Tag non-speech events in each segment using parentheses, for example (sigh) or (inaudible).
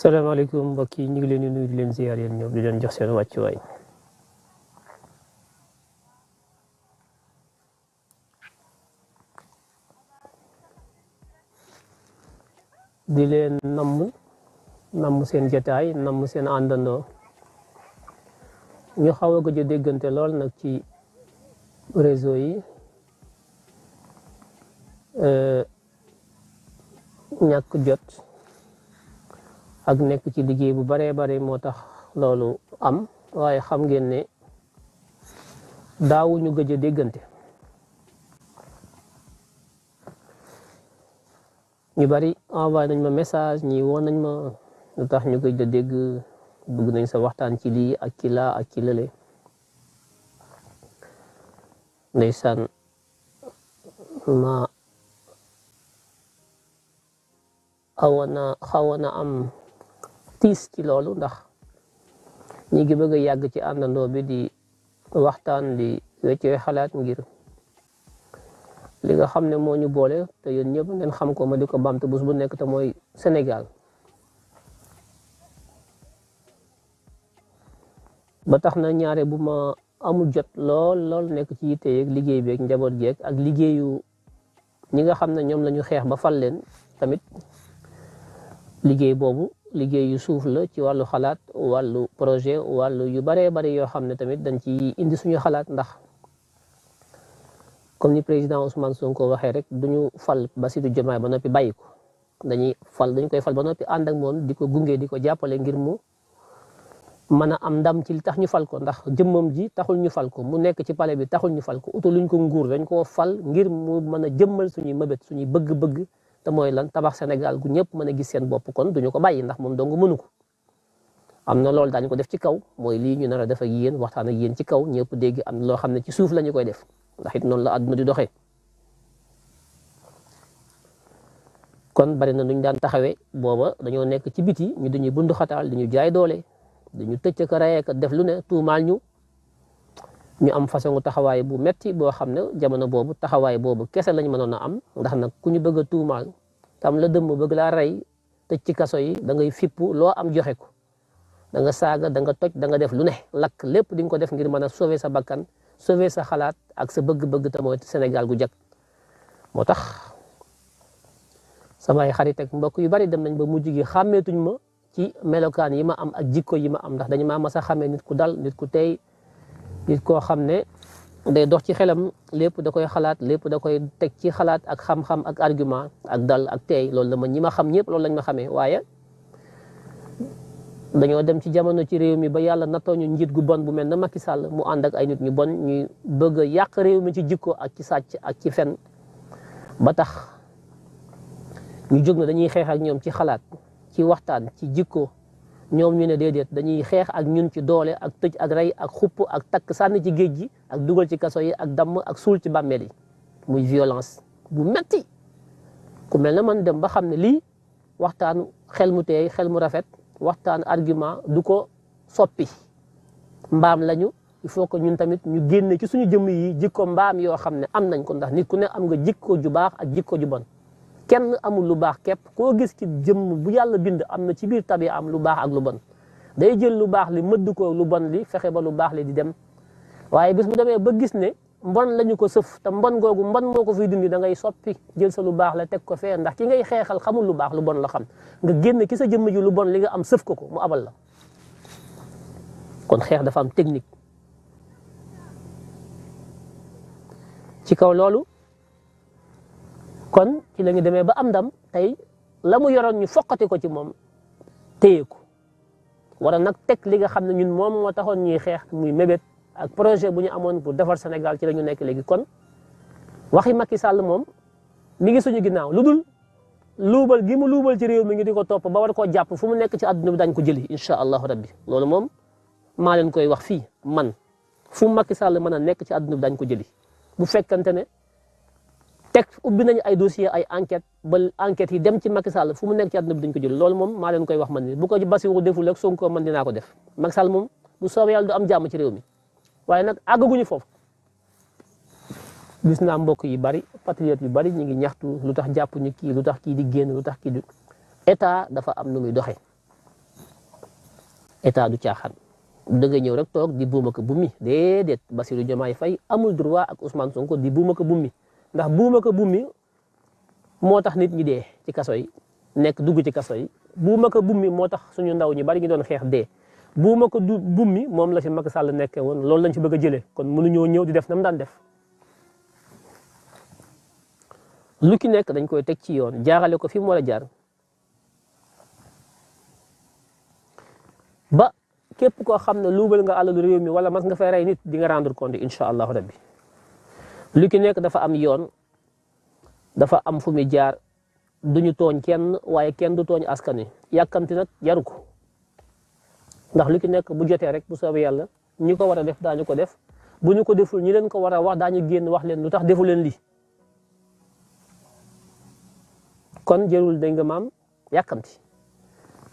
salaamaaleykum mbokk yi ñu ngi leen di nuyu di leen ziar yéen ñoom di leen jox seen way di leen namm namm seen jataay namm seen àndandoo ñu xaw a gëj a déggante lool nag ci réseau yi ñàkk jot ak nekk ci liggéey bu bare bare moo tax loolu am waaye xam ngeen ne daawuñu gëj a déggante ñu bari envoyé nañ ma message ñi woon nañ ma lu tax ñu gëj a dégg bëgg nañ sa waxtaan ci lii ak ci laa ak ci lële ndeysaan ma awana na am tiis ci loolu ndax ñi ngi bëgg a yàgg ci àndandoo bi di waxtaan di weccee xalaat ngir li nga xam ne moo ñu boole te yéen ñëpp ngeen xam ko ma di ko bamtu bés bu nekk te mooy Sénégal ba tax na ñaare bu ma amul jot lool lool nekk ci yitte yeeg liggéey beeg njaboot geeg ak liggéeyu ñi nga xam ne ñoom la xeex ba fal leen tamit liggéey boobu liggéeyu suuf la ci wàllu xalaat wàllu projet wàllu yu baree bari yoo xam ne tamit dañ ci indi suñu xalaat ndax comme ni président Ousmane ko waxee rek duñu fal Bassirou Diomaye ba noppi bàyyi ko dañuy fal dañ koy fal ba noppi ànd ak moom di ko gunge di ko jàppale ngir mu mën a am ndam ci li tax ñu fal ko ndax jëmmam ji taxul ñu fal ko mu nekk ci palais bi taxul ñu fal ko utaluñ ko nguur dañ koo fal ngir mu mën a jëmmal suñuy mëbét suñuy bëgg-bëgg te mooy lan tabax senegal gu ñëpp mën a gis seen bopp kon duñu ko bàyyi ndax moom dong mënu ko am na loolu daañu ko def ci kaw mooy lii ñu nar a def ak yéen waxtaan ak yéen ci kaw ñëpp dégg am na loo xam ne ci suuf la ñu koy def ndax it noonu la àdduna di doxe kon bari na nuñ daan taxawee booba dañoo nekk ci biti ñu dañuy bundu xataal dañu jaay doole dañu tëcc ka rayee ka def lu ne tuumaal ñu ñu am façon taxawaay bu metti boo xam ne jamono boobu taxawaay boobu kese lañ mënoon a am ndax nag ku ñu bëgg a tuumaal tam la dëmm bëgg laa rey tëj ci kaso yi da ngay fippu loo am joxe ko danga nga saaga da nga toj da def lu ne lakk lépp di ko def ngir mën a sauver sa bakkan sauver sa xalaat ak sa bëgg-bëgg te mooy Sénégal gu jag moo tax samay xarit ak mbokk yu bari dem nañ ba mujj gi xàmmeetuñ ma ci melokaan yi ma am ak jikko yi ma am ndax dañu ma mas a xàmmee nit ku dal nit koo xam ne day dox ci xelam lépp da koy xalaat lépp da koy teg ci xalaat ak xam-xam ak argument ak dal ak teey loolu ma ñi ma xam ñëpp loolu lañ ma xamee waaye dañoo dem ci jamono ci réew mi ba yàlla nattoo ñu njiit gu bon bu mel na Macky Sall mu ànd ak ay nit ñu bon ñuy bëgg a yàq réew mi ci jikko ak ci sàcc ak ci fen ba tax ñu jóg na dañuy xeex ñoom ci xalaat ci waxtaan ci jikko ñoom ñu ne déedéet dañuy xeex ak ñun ci doole ak tëj ak ak xupp ak takk sànni ci gi ak dugal ci kaso yi ak damm ak suul ci bàmmeel yi muy violence bu metti ku mel ne man dem ba xam ne lii waxtaan xel mu teey xel mu rafet waxtaan argument du ko soppi mbaam lañu il faut que ñun tamit ñu génne ci suñu jëmm yi jikko mbaam yoo xam ne am nañ ko ndax nit ku ne am nga jikko ju baax ak jikko ju bon kenn amul lu baax képp koo gis ci jëmm bu yàlla bind am na ci biir tabi am lu baax ak lu bon day jël lu baax li mëdd koo lu bon li fexe ba lu baax li di dem waaye bis bu demee ba gis ne mbon lañu ko sëf te mbon googu mbon moo ko fi dindi da ngay soppi jël sa lu baax la teg ko fee ndax ki ngay xeexal xamul lu baax lu bon la xam nga génn ki sa jëmm ji lu bon li nga am sëf ko ko mu abal la kon xeex dafa am technique ci kaw loolu kon ci la demee ba am ndam tey la mu yoroon ñu foqati ko ci moom téye ko waroon nag teg li nga xam ne ñun moom moo taxoon ñuy xeex mu mébét ak projet bu ñu amoon pour defar Sénégal ci la ñu nekk léegi kon waxi Macky Sall moom mi ngi suñu ginnaaw lu dul luubal gi mu luubal ci réew mi ngi di ko topp ba war koo jàpp fu mu nekk ci àdduna bi dañ ko jëli incha allahu rabbi loolu moom maa leen koy wax fii man fu makki Sall mën a nekk ci àdduna bi dañ ko jëli bu fekkante ne tek ubbi nañ ay dossier ay enquête ba enquête yi dem ci Macky Sall fu mu nekk ci aduna bi dañ ko jël lool mom ma leen koy wax man ni bu ko wu deful ak Sonko man dina ko def Macky Sall mom bu soobee yalla du am jamm ci réew mi waaye nag àggaguñu fofu gis na mbokk yi bari patriote yu bari ñi ngi ñaxtu lutax japp jàpp ñu kii lu tax di genn lutax ki di état dafa am nu muy doxé état du caaxaan da nga ñew rek tok di buuma ko bummi déedéet Bassirou Diomaye Faye amul droit ak Ousmane Sonko di buuma ko bummi ndax buuma ko bummi moo tax nit ñi dee ci kaso yi nekk dugg ci kaso yi buuma ko bummi moo tax suñu ndaw ñi bari ñu doon xeex dee buuma ko du bummi moom la si Macky Sall nekkee woon loolu lañ ci bëgg a jëlee kon mënuñoo ñëw di def nam daan def. lu ki nekk dañ koy teg ci yoon jaarale ko fi mu war a jaar ba képp koo xam ne luubal nga alalu réew mi wala mas nga fay rey nit di nga rendre compte incha allahu rabbi lu ki nekk dafa am yoon dafa am fu muy jaar duñu tooñ kenn waaye kenn du tooñ askan wi yàkkamti nag jaru ko ndax lu ki nekk bu jotee rek bu soobee yàlla ñu ko war a def daañu ko def bu ñu ko deful ñi leen ko war a wax daañu génn wax leen lu tax defu leen lii kon jërul dégg nga maam yàkkamti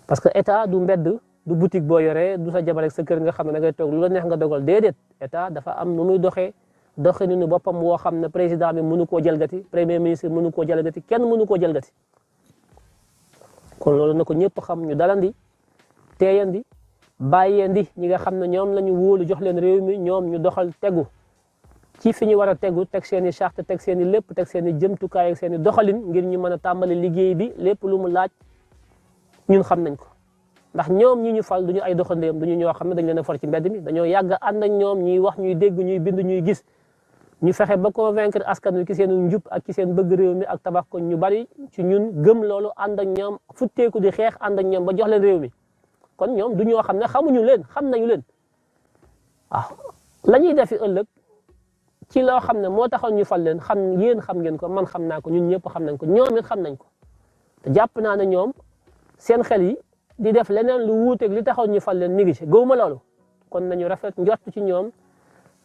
parce que état du mbedd du boutique boo yoree du sa jabar ak sa kër nga xam ne da ngay toog lu la neex nga dogal déedéet état dafa am nu muy doxee doxalinu boppam woo xam ne président bi mënu koo jalgati premier ministre mënu koo jalgati kenn mënu koo jalgati loolu na ko ñëpp xam ñu dalandi teeyandi bàyyendi ñi nga xam ne ñoom la ñu wóolu jox leen réew mi ñoom ñu doxal tegu ci fi ñu war a tegu teg seen i charte teg seeni i lépp teg seen i jëmtukaay ak seen doxalin ngir ñu mën a tàmbali liggéey bi lépp lu mu laaj ñun xam nañ ko ndax ñoom ñi ñu fal du ñu ay doxandéem du ñu ñoo xam ne dañ leen a far ci mbedd mi dañoo yàgg ànd ak ñoom ñuy wax ñuy dégg ñuy bind ñuy gis ñu fexe ba convaincre askan wi ci seen njub ak ci seen bëgg réew mi ak tabax ko ñu bari ci ñun gëm loolu ànd ak futté ko di xex ànd ak ñoom ba jox leen réew mi kon ñom du ñoo xam ne xamuñu leen xam nañu leen ah lañuy def ëlëk ci lo xamne mo moo ñu fal leen xam yéen xam ngeen ko man xamna ko ñun ñëpp xam nañ ko ñom it xam nañ ko te jàpp na na ñom seen xel yi di def leneen lu wuuteeg li taxoon ñu fal leen mi ngi ci gëwuma loolu kon nañu rafet njort ci ñom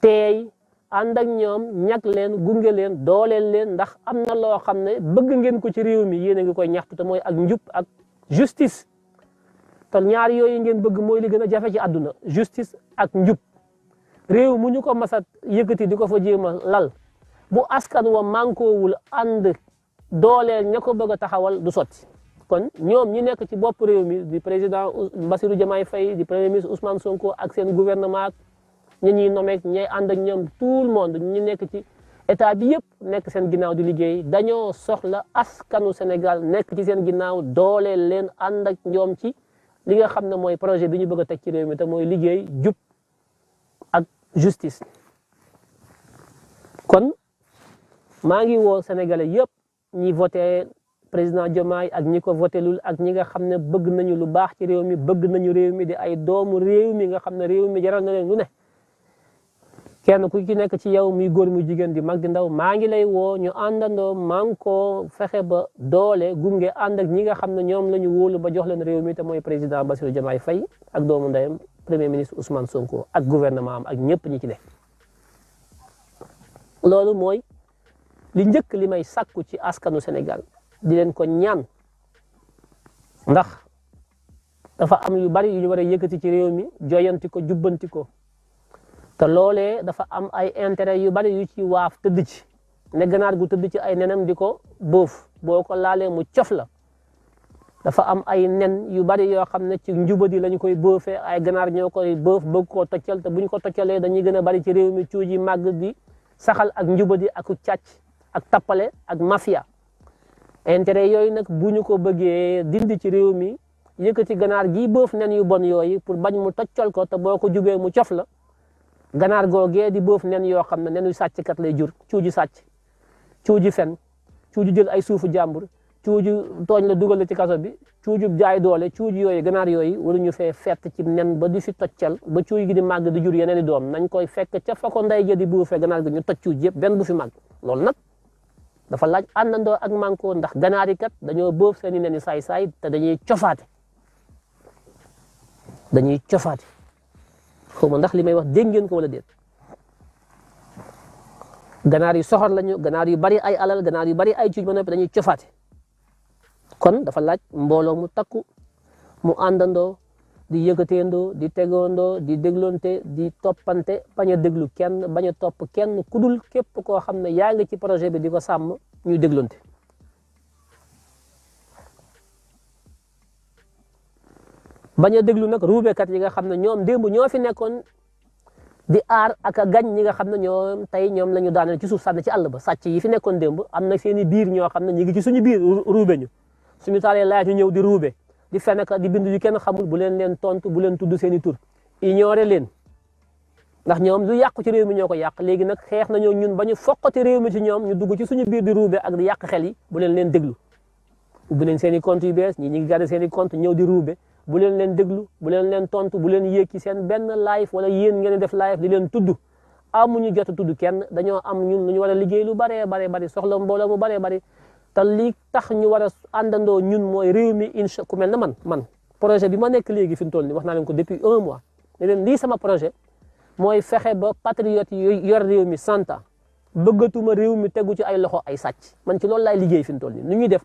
tey ànd ak ñoom ñag leen gungé leen doolé leen ndax amna lo xamné bëgg ngeen ko ci réew mi yéne a koy ñaxtu té moy ak njub ak justice te ñaar yooyu ngeen bëgg moy li gëna jafé ci aduna justice ak njub réew mu ñu ko masat yëkëti diko fa jëma lal bu askan wa ul wul dolen doolé ñako bëgg taxawal du soti kon ñom ñi nekk ci bop réew mi di président Bassirou Diomaye Faye di premier ministre Ousmane Sonko ak seen gouvernement ñi ñuy nomeeg ñay ànd ak ñoom tout le monde ñi nekk ci état bi yëpp nekk seen ginnaaw di liggéey dañoo la askanu Sénégal nekk ci seen ginnaaw dooleel leen ànd ak ñoom ci li nga xam ne mooy projet bi ñu bëgg a teg ci réew mi te mooy liggéey jub ak justice. kon maa ngi woo Sénégalais yëpp ñi voté président Diomaye ak ñi ko voté lul ak ñi nga xam ne bëgg nañu lu baax ci réew mi bëgg nañu réew mi di ay doomu réew mi nga xam ne réew mi jaral na leen lu ne. kenn ku ci nekk ci yow muy góor mu jigéen di mag ndaw maa ngi lay woo ñu àndandoo maa ngi koo fexe ba doole gunge ànd ak ñi nga xam ne ñoom la ñu ba jox leen réew mi te mooy président Bassirou Diomaye Faye ak doomu ndeyam premier ministre Ousmane Sonko ak gouvernement am ak ñëpp ñi ci nekk. loolu mooy li njëkk li may sàkku ci askanu Sénégal di leen ko ñan ndax dafa am yu bari yu ñu war a yëkkati ci réew mi joyanti ko jubbanti ko. te loolee dafa am ay intérêt yu bari yu ci waaf tëdd ci ne ganaar gu tëdd ci ay nenam di ko bóof boo ko laalee mu cof la dafa am ay nen yu bari yoo xam ne ci njubadi lañ koy bóofee ay ganaar ñoo koy bóof bëgg koo toccal te buñ ko toccalee dañuy gën a bari ci réew mi cuuj yi màgg di saxal ak njubadi ak càcc ak tappale ak mafia intérêt yooyu nag bu ñu ko bëggee dindi ci réew mi yëkkati ganaar gi bóof nen yu bon yooyu pour bañ mu toccal ko te boo ko jubee mu cof la ganaar goo gee di boof nen yoo xam ne nenu sàcckat lay jur cuuju sàcc cuuju fen cuuju jël ay suufu jàmbur cuuju tooñ la dugal la ci kaso bi cuuju jaay doole cuuju yooyu ganaar yooyu waruñu fee fett ci nen ba di fi toccal ba cuuj gi di màgg di jur yeneen i doom nañ koy fekk ca fa ko ndey ja di buufee ganaar gi ñu toj cuuj yëpp benn bu fi màgg loolu nag dafa laaj àndandoo ak mànkoo ndax ganaar yi kat dañoo boof seen i nen i saay-saay te dañuy cofaate dañuy cofaate xaw ma ndax li may wax dégg ngeen ko wala déet ganaar yu soxor lañu ganaar yu bari ay alal ganaar yu bari ay cuuj ba noppi dañuy cofaate kon dafa laaj mbooloo mu takku mu àndandoo di yëkkateendoo di tegoondoo di dégloonte di toppante bañ a déglu kenn bañ a topp kenn ku dul képp koo xam ne yaa ngi ci projet bi di ko sàmm ñuy dégloonte bañ a déglu nag ruubekat yi nga xam ne ñoom démb ñoo fi nekkoon di aar ak a gañ ñi nga xam ne ñoom tey ñoom la ñu ci suuf sànni ci àll ba sàcc yi fi nekkoon démb am na seen i biir ñoo xam na ñu ngi ci suñu biir ruube ñu suñu taalee laaj ñu ñëw di ruube di fenaka di bind yu kenn xamul bu leen leen tontu bu leen tudd seen i tur ignoré leen ndax ñoom lu yàqu ci réew mi ñoo ko yàq léegi nag xeex nañoo ñun ba ñu foqati réew mi ci ñoom ñu dugg ci suñu biir di ruube ak di yàq xel yi bu leen leen déglu ubbi nañ seeni i ñi ñu ngi garder seen i compte ñëw di ruube bu leen leen déglu bu leen leen tontu bu leen yéeg ci seen benn live wala yéen ngeen def live di leen tudd amuñu jot a tudd kenn dañoo am ñun lu ñu war a liggéey lu baree baree bari soxla mbooloo mu baree bari te lii tax ñu war a àndandoo ñun mooy réew mi incha ku mel ne man man projet bi ma nekk léegi fi mu toll nii wax naa leen ko depuis un mois leen lii sama projet mooy fexe ba patriote yi yor réew mi santa bëggatuma réew mi tegu ci ay loxo ay sàcc man ci loolu laay liggéey fi mu toll nii nu ñuy def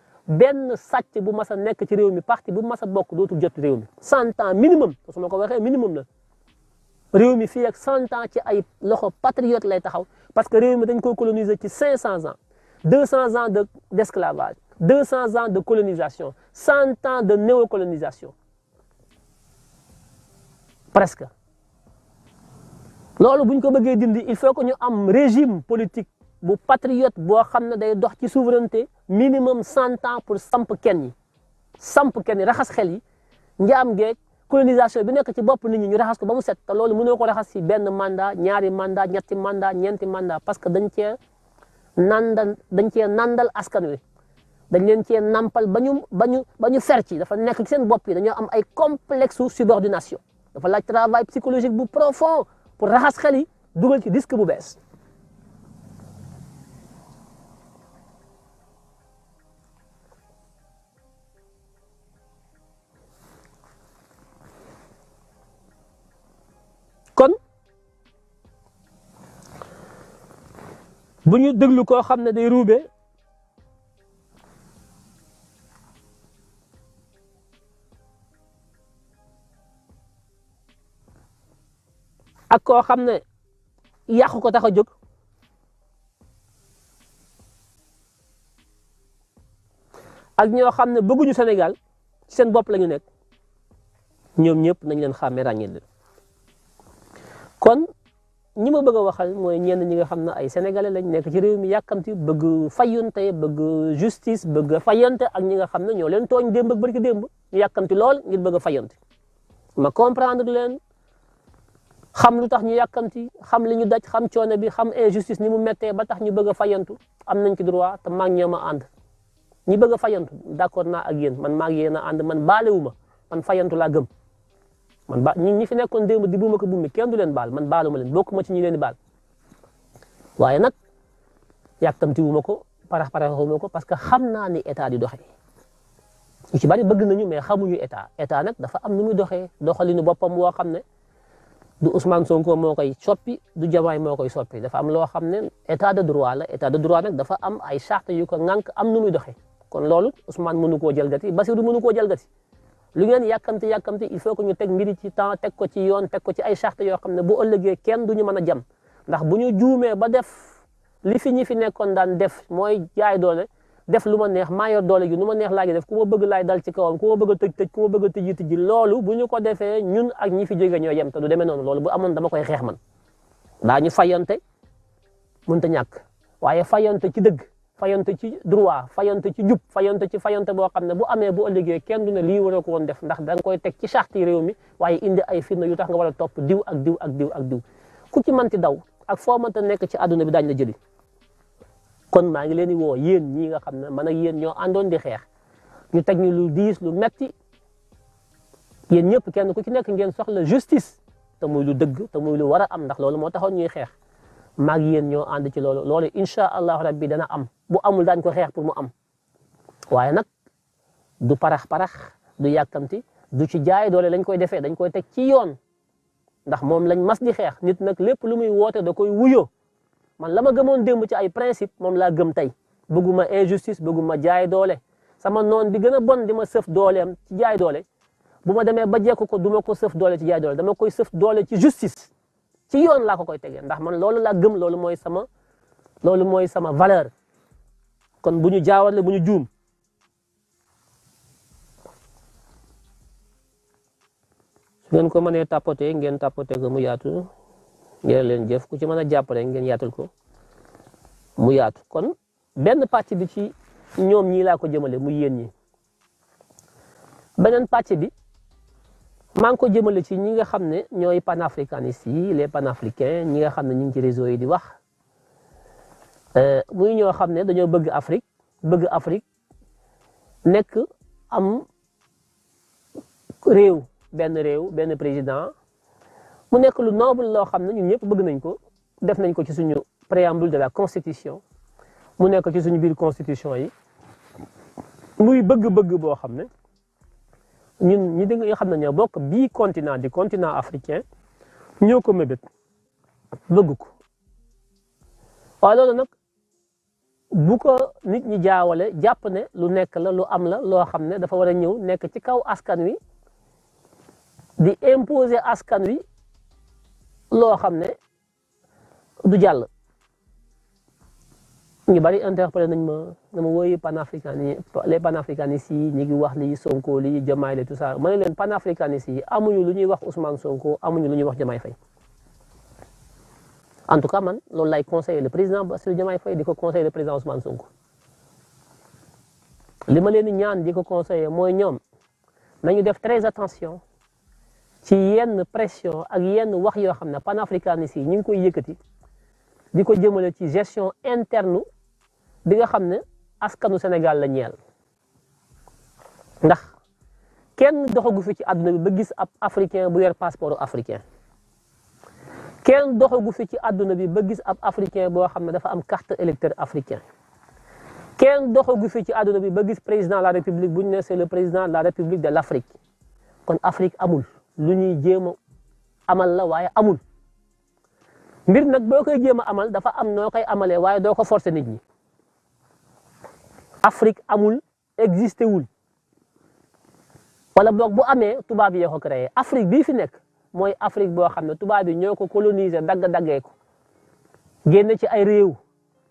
ben 100 ans minimum parce que mako waxe minimum 100 ans ci ay patriote parce que Réunion mi ko 500 ans 200 ans d'esclavage 200 ans de colonisation 100 ans de néocolonisation presque il faut que ñu un régime politique bu patriote boo xam ne day dox ci souveraineté minimum cent ans pour samp ken yi samp kenn yi raxas xel yi njaam geeg colonisation bi nekk ci bopp nit ñi ñu raxas ko ba mu set te loolu mënoo ko raxas ci benn manda ñaari mandat ñetti mandat ñeenti manda parce que dañ cee nandal dañ cee nandal askan wi dañ leen cee nampal ba ñu ba ñu ba ñu fer ci dafa nekk ci seen bopp yi dañoo am ay complexe subordination dafa laaj travail psychologique bu profond pour raxas xel yi dugal ci disque bu bees bu ñu déglu koo xam ne day ruube ak koo xam ne yàqu ko tax a jóg ak ñoo xam ne bëgguñu Sénégal ci seen bopp la ñu nekk ñoom ñëpp nañ leen xàmme ràññee leen kon ñi ma bëgg a waxal mooy ñenn ñi nga xam ne ay sénégalais lañ nekk ci réew mi yàkkamti bëgg fayante bëgg justice bëgg fayante ak ñi nga xam ne ñoo leen tooñ démb ak barki démb ñu lool ngir bëgg fayante ma comprendre leen xam lu tax ñu yàkkamti xam li ñu daj xam bi xam injustice ni mu méttee ba tax ñu bëgg a fayantu am nañ ci droit te maa ngi ñoom a ànd ñi bëgg a fayantu d'accord naa ak yéen man maa ngi yéen a ànd man baalewu ma man fayantu laa gëm man ba ñi ñi fi nekkoon démb di buuma ko buumi kenn du leen baal man baaluma leen bokk ma ci ñi leen di baal waaye nag yàkkamti wu ko parax parax wu ma ko parce que xam naa ni état di doxee ñu ci bari bëgg nañu mais xamuñu état état nag dafa am nu muy doxee doxalinu boppam woo xam ne du Ousmane Sonko moo koy soppi du Diomaye moo koy soppi dafa am loo xam ne état de droit la état de droit nag dafa am ay charte yu ko ŋànk am nu muy doxee kon loolu Ousmane mënu koo jalgati Bassirou mënu koo jalgati lu ngeen yàkkamti yàkkamti il faut que ñu teg mbiri ci temps teg ko ci yoon teg ko ci ay charte yoo xam ne bu ëllëgee ken du ñu mën a jam ndax bu ñu juumee ba def li fi ñi fi nekkoon daan def mooy jaay doole def lu ma neex maa doole gi nu ma neex laa def ku ma bëgg laay dal ci kawam ku ma bëgg a tëj tëj ku ma bëgg a tijji ji loolu bu ñu ko defee ñun ak ñi fi jóge ñoo yem te du demee noonu loolu bu amoon dama koy xeex man daa ñu fayante mënta ñàkk waaye fayante ci dëgg fayonte ci droit fayonte ci jub fayonte ci fayonte boo xam ne bu amee bu ëllëgee kenn du ne lii waroo ko woon def ndax da nga teg ci charte yi réew mi waaye indi ay firnde yu tax nga war a topp diw ak diw ak diw ak diw ku ci ti daw ak foo mënta nekk ci àdduna bi daañu la jëli kon maa ngi leen di woo yéen ñii nga xam ne man ak yéen ñoo àndoon di xeex ñu teg ñu lu diis lu metti yéen ñëpp kenn ku ci nekk ngeen soxla justice te muy lu dëgg te muy lu war a am ndax loolu moo taxoon ñuy xeex maag yéen ñoo ànd ci loolu loolu incha allah rabbi dana am bu amul daañ ko xeex pour mu am waaye nag du parax parax du yàkkamti du ci jaay doole lañ koy defee dañ koy teg ci yoon ndax moom lañ mas di xeex nit nag lépp lu muy woote da koy wuyoo man la ma gëmoon démb ci ay principe moom laa gëm tey bëgguma injustice bëgguma jaay doole sama noon bi gën a bon di ma sëf dooleem ci jaay doole bu ma demee ba jekk ko du ma ko sëf doole ci jaay doole dama koy sëf doole ci justice ci yoon laa ko koy tegee ndax man loolu laa gëm loolu mooy sama loolu mooy sama valeur kon buñu ñu jaawale bu jum. juum su ngeen ko mënee tapote ngeen tapote ko mu yaatu ngeen leen jëf ku ci mën a jàppale ngeen yaatal ko mu yaatu kon benn pàcc bi ci ñoom ñii laa ko jëmale mu yéen ñi beneen pàcc bi maa ngi ko jëmale ci ñi nga xam ne ñooy yi les panafricains ñi nga xam ñu ci réseau yi di wax Euh, muy ñoo xam ne dañoo bëgg Afrique bëgg Afrique nekk am réew benn réew benn président mu nekk lu noble loo xam ne ñun ñëpp bëgg nañ ko def nañ ko ci suñu préambule de la constitution mu nekk ci suñu biir constitution yi muy bëgg-bëgg boo xam ne ñun ñi di xam ne ñoo bokk bii continent di continent africain ñoo ko mébét bëgg ko waaye loolu nag bu ko nit ñi jaawale jàpp ne lu nekk la lu am la loo xam ne dafa war a ñëw nekk ci kaw askan wi di imposer askan wi loo xam ne du jàll ñu bari interpellé nañ ma dama woy panafricanis les panafricanistes yi ñu ngi wax li Sonko lii Diomaye lii tout ça ma ne leen si yi ñu lu ñuy wax Ousmane Sonko amuñu lu ñuy wax Diomaye Faye en tout cas man loolu lay conseillé le président Bassirou Diomaye Faye di ko conseillé le président Ousmane Sonko li ma leen di ñaan di ko conseillé mooy nañu def très attention ci yenn pression ak yenn wax yoo xam ne panafricanistes yi ñu ngi koy yëkkati di ko jëmale ci gestion interne bi nga xam askanu Sénégal la ñeel ndax kenn doxagu fi ci àdduna bi ba gis ab africain bu yor passeport africain. كان دوخو غو في سي ادنا بي با غيس اب افريكان بو خا دا فا ام كارت الكتر افريكان كان دوخو غو في سي ادنا بي با غيس بريزيدان لا ريبوبليك بو نيسي لو بريزيدان لا ريبوبليك دي لافريك كون افريك امول لو ني جيما امال لا واي امول مير نك بوكاي جيما امال دا فا ام نوكاي امالي واي دوكو فورس نيت ني افريك امول اكزيستي وول ولا بوك بو امي توبا بي يخو كراي افريك بي في نك mooy Afrique boo xam ne tubaab yi ñoo ko coloniser dagg-daggee ko génn ci ay réew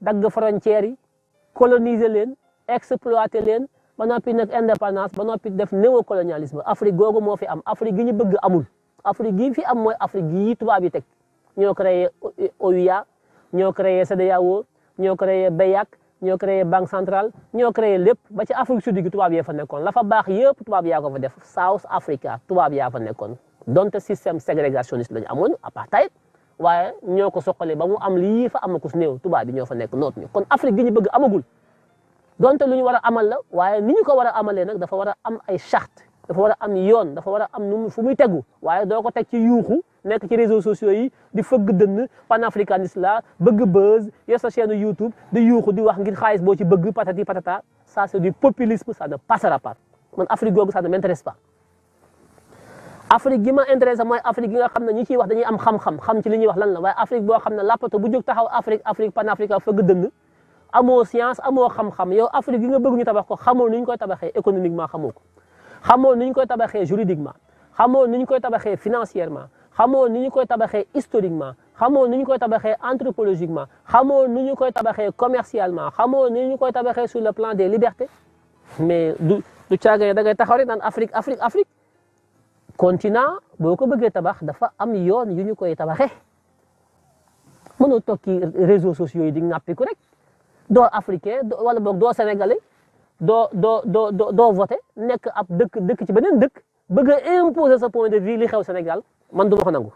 dagg frontières yi coloniser leen exploiter leen ba noppi nag indépendance ba noppi def néocolonialisme Afrique googu moo fi am Afrique gi ñu bëgg amul Afrique gi fi am mooy Afrique yi tubaab yi teg ñoo créé OUA ñoo créé CEDEAO ñoo créé BEAC ñoo créé banque central ñoo créé lépp ba ci Afrique sud gi tubaab yee fa nekkoon lafa fa baax yëpp tubaab yaa ko fa def South Africa tubaab yaa fa nekkoon. donte système ségrégationniste la ñu amoon apartheid waaye ñoo ko soqalee ba mu am lii fa amakus néew tubaab bi ñoo fa nekk noot ñu kon Afrique gi ñu bëgg amagul donte lu ñu war a amal la waaye ni ñu ko war a amalee nag dafa war a am ay charte dafa wara am yoon dafa war a am nu fu muy tegu waaye doo ko teg ci yuuxu nekk ci réseau sociaux yi di fëgg dënn panafricaniste la bëgg buzz yor sa chaîne YouTube di yuuxu di wax ngir xaalis boo ci bëgg patati patata ça c'est du populisme ça ne passera pas man Afrique googu ça ne m'intéresse pas Afrique gi ma intéressé Afrique gi nga ñi ci wax dañuy am xam-xam xam ci li ñi wax lan la Afrique ne bu taxaw Afrique Afrique panafrica feug deung amo science amo xam-xam yow Afrique gi nga bëgg ñu tabax ko xamoo ñu koy économiquement xamoo juridiquement financièrement historiquement anthropologiquement commercialement sur le plan des libertés mais du du da Afrique Afrique Afrique continent boo beugé tabax dafa am yoon yu ñu koy tabaxé mënoo toog ci réseaux sociaux yi di ŋàppiku rek do africain wala boog doo sénégalais do do do do, doo voté nekk ab dëkk dëkk ci benen dëkk bëgg imposer sa point de vue li xew Sénégal man duma ko nangu.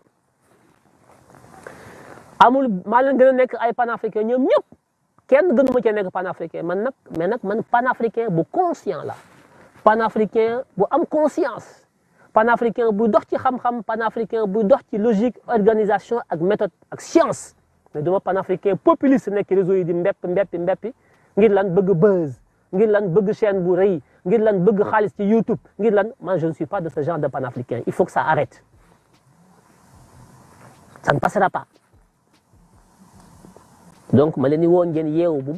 amul maa leen gën a ay panafricain ñoom ñëpp kenn gënu ma nek, nekk panafricain man nak mais nak man panafricain bu conscient la panafricain bu am conscience panafricain panafricains dox ci xam-xam panafricain logique organisation ak méthode ak science mais duma panafricain populiste nek réseau yi di buzz ngir bëgg chaîne bu ngir YouTube ngir je ne suis pas de ce genre de panafricain il faut que ça arrête ça ne passera pas donc ma leni bu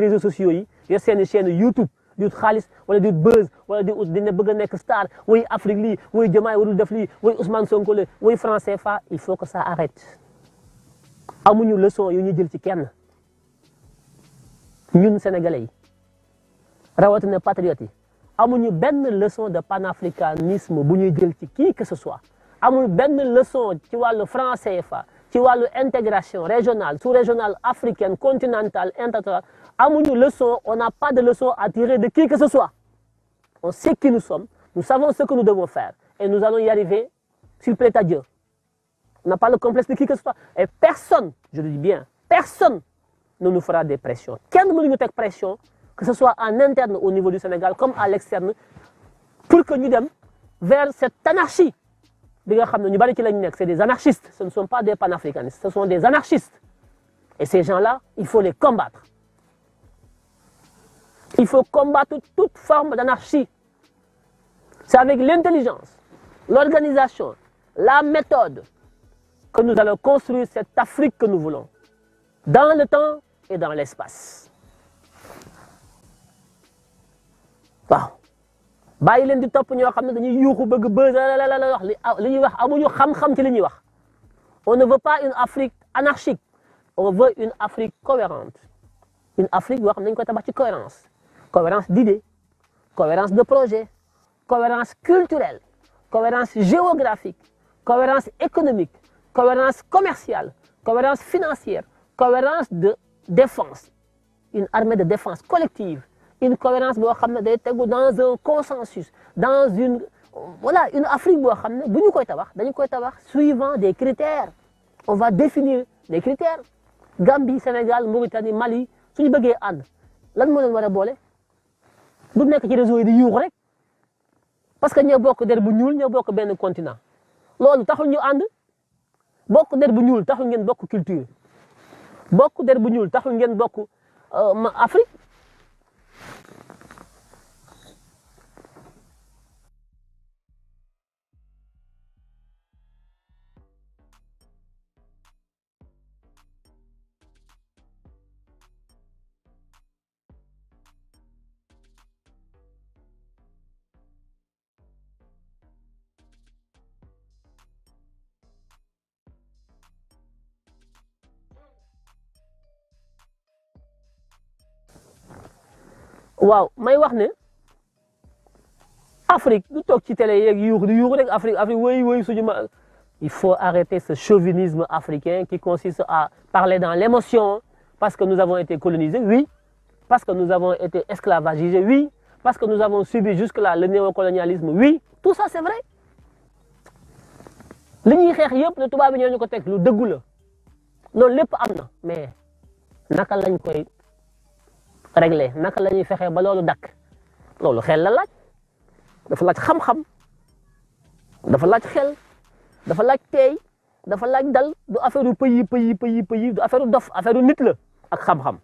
réseaux sociaux yi chaîne YouTube du ut xaalis wala di buzz wala di ut dina bëgg a nekk star woy Afrique lii woy Diomaye waru def lii woy Ousmane Sonko la woy franc il faut que ça arrête amuñu leçon yu ñu jël ci kenn ñun sénégalais yi rawatina patriotes yi amuñu benn leçon de panafricanisme bu ñuy jël ci qui que ce soit amul benn leçon ci wàllu français fa ci wàllu intégration régionale sous-régionale africaine continentale interterritoriale on n'a pas de leçon à tirer de qui que ce soit on sait qui nous sommes nous savons ce que nous devons faire et nous allons y arriver s'il plaît à Dieu on n'a pas le complexe de qui que ce soit et personne je le dis bien personne ne nous fera des pressions nous nous fait pression que ce soit en interne au niveau du Sénégal comme à l'externe pour que nous dem vers cette anarchie c'est des anarchistes ce ne sont pas des panafricanistes ce sont des anarchistes et ces gens-là il faut les combattre il faut combattre toute forme d'anarchie. C'est avec l'intelligence, l'organisation, la méthode que nous allons construire cette Afrique que nous voulons, dans le temps et dans l'espace. on ne veut pas une Afrique anarchique on veut une Afrique cohérente une Afrique où xam ne cohérence cohérence d'idées, cohérence de projet, cohérence culturelle, cohérence géographique, cohérence économique, cohérence commerciale, cohérence financière, cohérence de défense, une armée de défense collective, une cohérence dans un consensus, dans une, voilà, une Afrique suivant des critères. On va définir des critères. Gambie, Sénégal, Mauritanie, Mali, si nous voulons, du nekk ci réseau yi di yuux rek parce que ñoo bokk der bu ñuul ñoo bokk benn continent loolu taxul ñu ànd bokk der bu ñuul taxul ngeen bokk culture bokk der bu ñuul taxul ngeen bokk euh, Afrique Wow, mais wax ne Afrique nous ci télé du Afrique Afrique oui, oui, il faut arrêter ce chauvinisme africain qui consiste à parler dans l'émotion parce que nous avons été colonisés, oui, parce que nous avons été esclavagisés, oui, parce que nous avons subi jusque-là le néocolonialisme, oui, tout ça c'est vrai. li ñuy xeex yëpp ne tubaab ñu ko teg lu dëggu la loolu lépp mais naka réglé naka lañuy fexé ba lolu dak lolu xel la laaj dafa laaj xam-xam dafa laaj xel dafa laaj tey dafa laaj dal du affaireu u pëyi pëyi pëyi pëyi du affaireu dof affaireu nit la ak xam-xam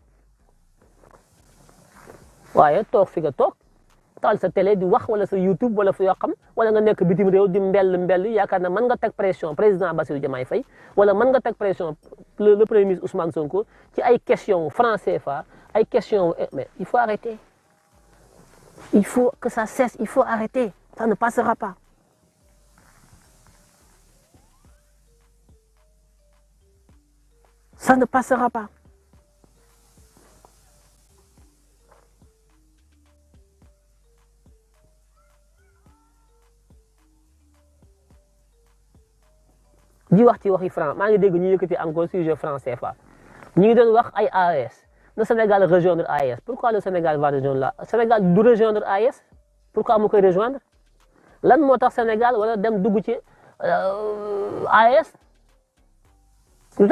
waye tok fi ga tok tal sa télé di wax wala sa YouTube wala fu yo xam wala nga nek bitim rew di mbell mbell yakarna man nga tek pression président Bassirou Diomaye fay wala man nga tek pression le premier ministre Ousmane Sonko ci ay question français fa ay question eh, mais il faut arrêter il faut que ça cesse il faut arrêter ça ne passera pas ça ne passera pas di wax ci waxi que maa ngi dégg ñu yëkkati encore sujet français. CFA ñu ngi wax ay AES le Sénégal rejoindre AES pourquoi le Sénégal va rejoindre Le Sénégal e pourquoi mu rejoindre Sénégal wala dem dugg ci euh, AES lu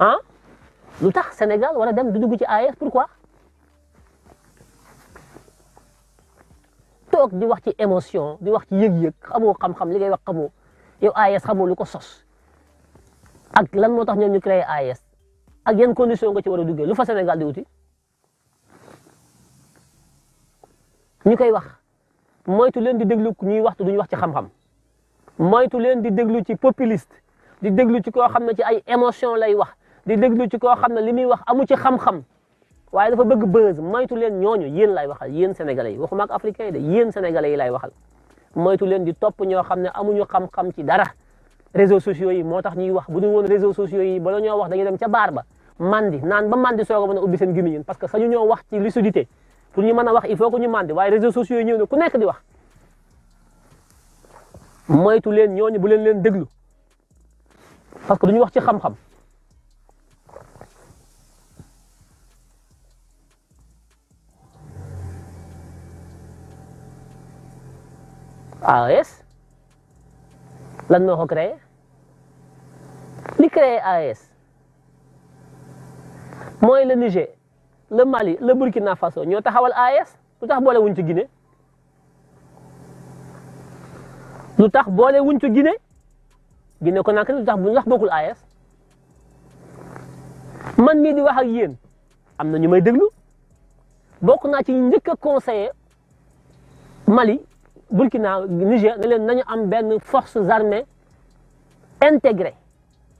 Hein Sénégal wala dem e pourquoi toog di wax ci émotion di wax ci ak lan moo tax ñoom ñu créé AES ak yan condition nga ci war a duggee lu fa Sénégal di wuti ñu koy wax moytu leen di déglu ñuy waxtu duñu wax ci xam-xam moytu leen di déglu ci populiste di déglu ci koo xam ne ci ay émotion lay wax di déglu ci koo xam ne li muy wax amu ci xam-xam waaye dafa bëgg buzz moytu leen ñooñu yéen lay waxal yéen senegal yi waxuma ak africain de yéen sénégalais yi lay waxal moytu leen di topp ñoo xam ne amuñu xam ci dara réseaux sociaux yi moo tax ñuy wax bu dul woon réseaux sociaux yi bala ñoo wax dañuy dem ca baar ba mandi naan ba mandi soog a mën a ubbi seen gémmiñ parce que sañu ñoo wax ci lucidité pour ñu mën a wax il faut que ñu mandi waaye réseaux sociaux yi ñëw ku nekk di wax moytu leen ñooñu bu leen leen déglu parce que duñu wax ci xam-xam AES lan moo ko créé li créé AES mooy le Niger le Mali le Burkina Faso ñoo taxawal AES lu tax boole wuñ ci Guinée lu tax boole wuñ ci Guinée Guinée Conakry lu tax bu ndax bokkul AES man mii di wax ak yéen am na ñu may déglu bokk naa ci njëkk a conseiller Mali Burkina Niger ne leen nañu am benn force armées intégrées.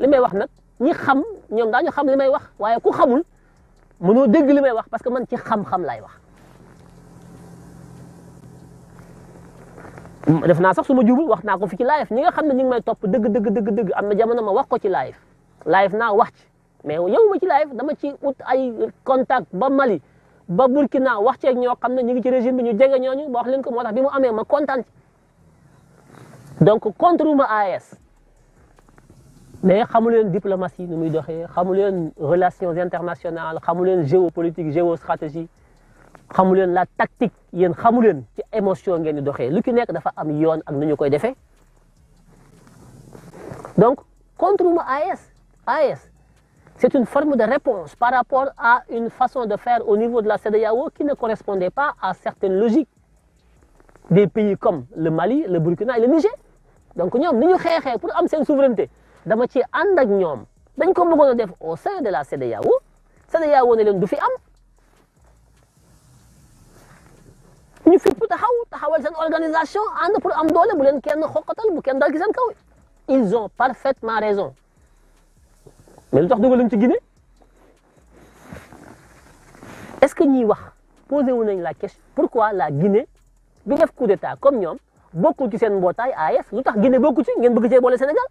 li may wax nag ñi xam ñoom daañu xam li may wax waaye ku xamul mënoo dégg li may wax parce que man ci xam-xam lay wax. def naa sax su ma jubul wax naa ko fi ci live ñi nga xam ne ñu ngi may topp dëgg dëgg dëgg am na jamono ma wax ko ci live live naa wax ci mais yow ma ci live dama ci ut ay contact ba Mali ba Burkina wax ci ak ñoo xam ne ñu ngi ci régime bi ñu jege ñooñu ba wax leen ko moo tax bi mu amee ma kontaan ci donc contre ma AES mais xamu une diplomatie nu muy doxee xamu relations internationales je une géopolitique géostratégie xamu la tactique Il xamu a ci émotion ngeen di lu ci nekk dafa am donc contre l'AS, AS, c'est une forme de réponse par rapport à une façon de faire au niveau de la CEDEAO qui ne correspondait pas à certaines logiques des pays comme le Mali le Burkina et le Niger donc nous, avons ñu pour une souveraineté dama ci and ak ñom dañ ko bëggono def au sein de la CEDEAO CEDEAO ne leen du fi am ñu fi fipp taxaw taxawal seen organisation ànd pour am doole bu leen kenn xoqatal bu kenn dal ci seen kaw ils ont parfaitement raison mais lu tax dugal nañ ci Guinée est-ce que ñiy wax posé wu nañ la question pourquoi la Guinée bi def coup d'état comme ñom bokku ci seen mbotay AS lu tax Guinée bokku ci ngeen bëgg cee boole Sénégal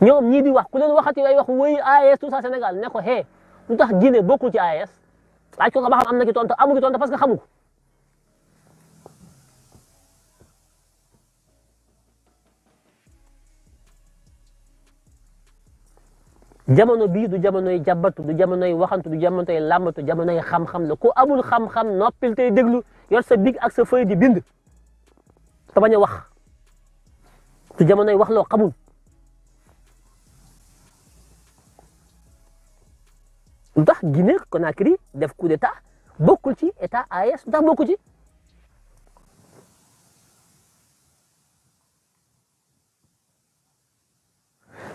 ñoom ñii di wax ku leen waxati way wax wéy AES tout ça ne ko hee lu tax Guinée bokkul ci AES laaj ko nga ba xam am na ki tontu amu ki tontu parce que xamu ko jamono bii du jamonoy jàbbatu du jamonoy waxantu du jamonoy làmbatu jamonoy xam-xam la ku amul xam-xam noppil tey déglu sa big ak sa di bind te bañ a wax du jamonoy wax loo xamul. ndax Guinée Conakry def coup d'état bokkul ci état as ndax bokku ci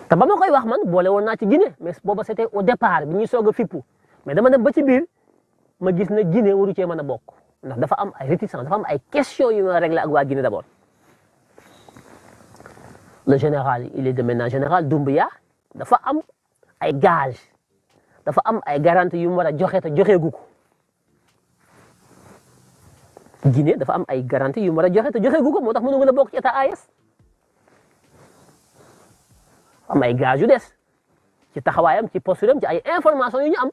te ba koy wax man bolé woon naa ci Guinée mais booba c'était au départ biñu soga fipu mais dama dem ba ci bir ma gis na Guinée waru ci mën a bokk ndax dafa am ay réticence dafa am ay questions yu ma régler ak wa Guinée d'abord le général il est de maintenant général Doumbouya dafa am ay gage dafa am ay garanti yum mu war a joxe te joxeegu ko Guinée dafa am ay garanti yu mu war a joxe te joxeegu ko moo tax mënu gën a bokk ci état AES am ay gage yu des ci taxawaayam ci posture am ci ay information yu ñu am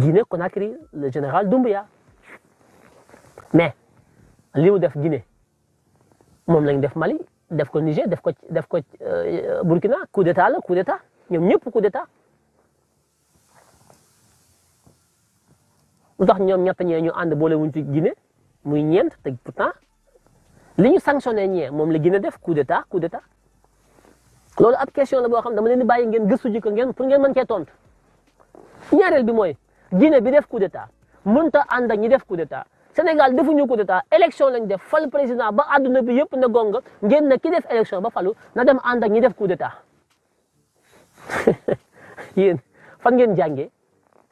Guinée Conakry le général Doumbouya mais li mu def Guinée moom lañ def Mali def ko Niger def ko def ko euh, Burkina coup d'état la coup d'état ñoom ñëpp coup d'état lu tax ñoom ñett ñee ñu ànd boole wuñ ci Guinée muy ñeent te pourtant li ñu sanctionné ñee moom la Guinée def coup d'état coup d'état loolu ab question la boo xam dama leen di bàyyi ngeen gëstu ji ko ngeen pour ngeen mën cee tontu ñaareel bi mooy Guinée bi def coup d'état mënta ànd ak ñi def coup d'état Sénégal defuñu coup d'état élection lañ def fal président ba àdduna bi yëpp na gong ngeen na ki def élection ba falu na dem ànd ak ñi def coup d'état (laughs) yéen fan ngeen jàngee.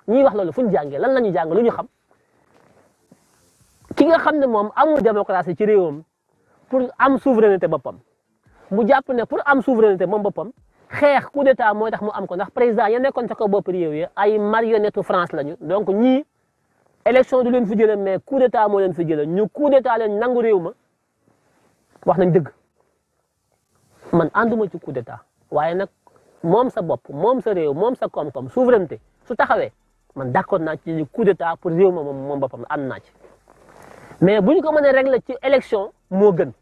ñiy wax loolu fu ñu jàngee lan la ñu jàng lu ñu xam ki nga xam ne moom am amul démocratie ci réewam pour am souveraineté boppam mu jàpp ne pour am souveraineté moom boppam xeex coup d'état mooy tax mu am ko ndax président ya nekkoon ca ko bopp réew yi ay marionnette France la ñu donc ñii élection du leen fi jëlee mais coup d'état moo leen fi jëlee ñu coup d'état leen nangu réew ma wax nañ dëgg man ànduma ci coup d'état waaye nag moom sa bopp moom sa réew moom sa koom-koom su taxawee man d'accord na ci coup d'état pour réew mom moom moom am naa ci mais buñ ñu ko mënee régler ci élection mo gën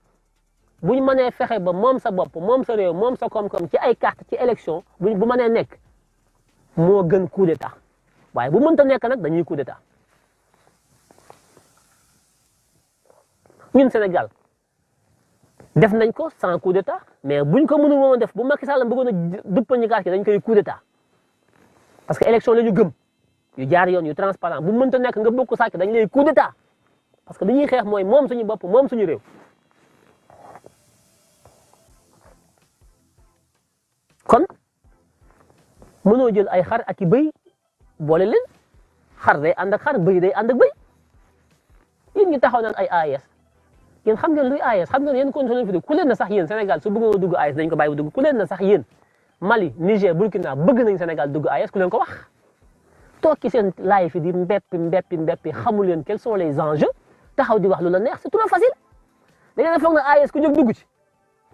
buñ ñu fexé ba mom sa bop mom sa réew mom sa koom-koom ci ay carte ci élection bu bu mënee nek mo gën coup d'état waye bu mënta nek nak dañuy coup d'état ñun Sénégal def nañ ko sans coup d'état mais buñ ko mënul won def bu Macky Sall bëggoon a duppal ñu carte dañ koy coup d'état parce que élection lañu gëm. yu jaar yoon yu transparent bu mënta nekk nga bokk sàcc dañ lay coup d'état parce que li ñuy xeex mooy moom suñu bopp moom suñu réew. kon mënoo jël ay xar ak i bëy boole leen xar day ànd xar bëy day ànd ak bëy yéen ñu taxaw naan ay AES yéen xam ngeen luy AES xam ngeen yéen condition fi dugg ku leen na sax yéen Sénégal su bëggoon dugg AES dañ ko bàyyi bu dugg ku leen na sax yéen Mali Niger Burkina bëgg nañ senegal dugg AES ku ko wax. Toi qui seen live yi di mbéppi mbéppi mbéppi xamu quels sont les enjeux taxaw di wax lu la neex c'est trop facile da ngeen foog na AES ku jóg dugg ci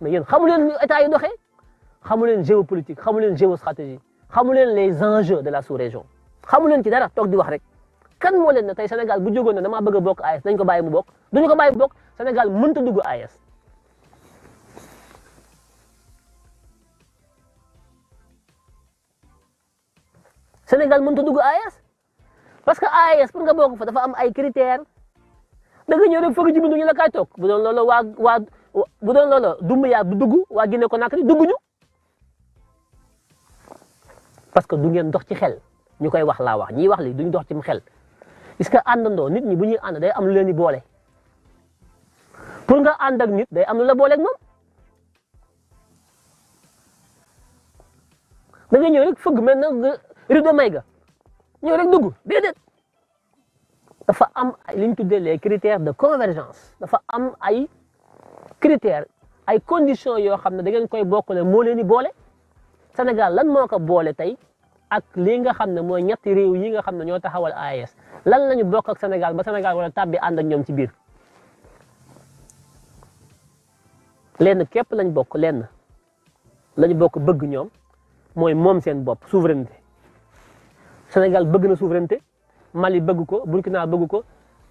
mais yeen xamu leen état yi doxee xamu leen géopolitique xamu géostratégie xamu les enjeux de la sous-région xamu leen ci dara tok di wax rek kan mo len tay Sénégal bu jógoon ne damaa bëgg bok bokk dañ ko bàyyi mu bok duñu ko bàyyi bok Sénégal mënta dugg AES Senegal mun tuddugu AES parce que AES pour nga bokk fa dafa am ay critères da nga ñëw rek fëgg ji bindu ñu la kaay tok bu doon loolu wa wa bu doon loolu dumb yaa du dugg ko nak Conakry ñu parce que du ngeen dox ci xel ñu wax la wax ñi wax li duñ dox ci xel est ce que nit ñi bu ñuy day am lu leen di boole pour nga and ak nit day am lu la boole ak moom da nga ñëw rek fëgg mel na rido may ga ñëw rek dugg déedéet dafa am li ñu tuddee les critères de convergence dafa am ay critères ay conditions yoo xam ne da ngeen koy bokkale moo leen di boole Sénégal lan moo ko boole tey ak lii nga xam ne mooy ñetti réew yi nga xam ne ñoo taxawal AES lan la ñu bokk ak Sénégal ba senegal wala tàbbi ànd ak ñoom ci biir lenn képp lañ bokk lenn lañu bokk bëgg ñoom mooy moom seen bopp souveraineté Sénégal bëgg na souveraineté Mali bëgg ko Burkina bëgg ko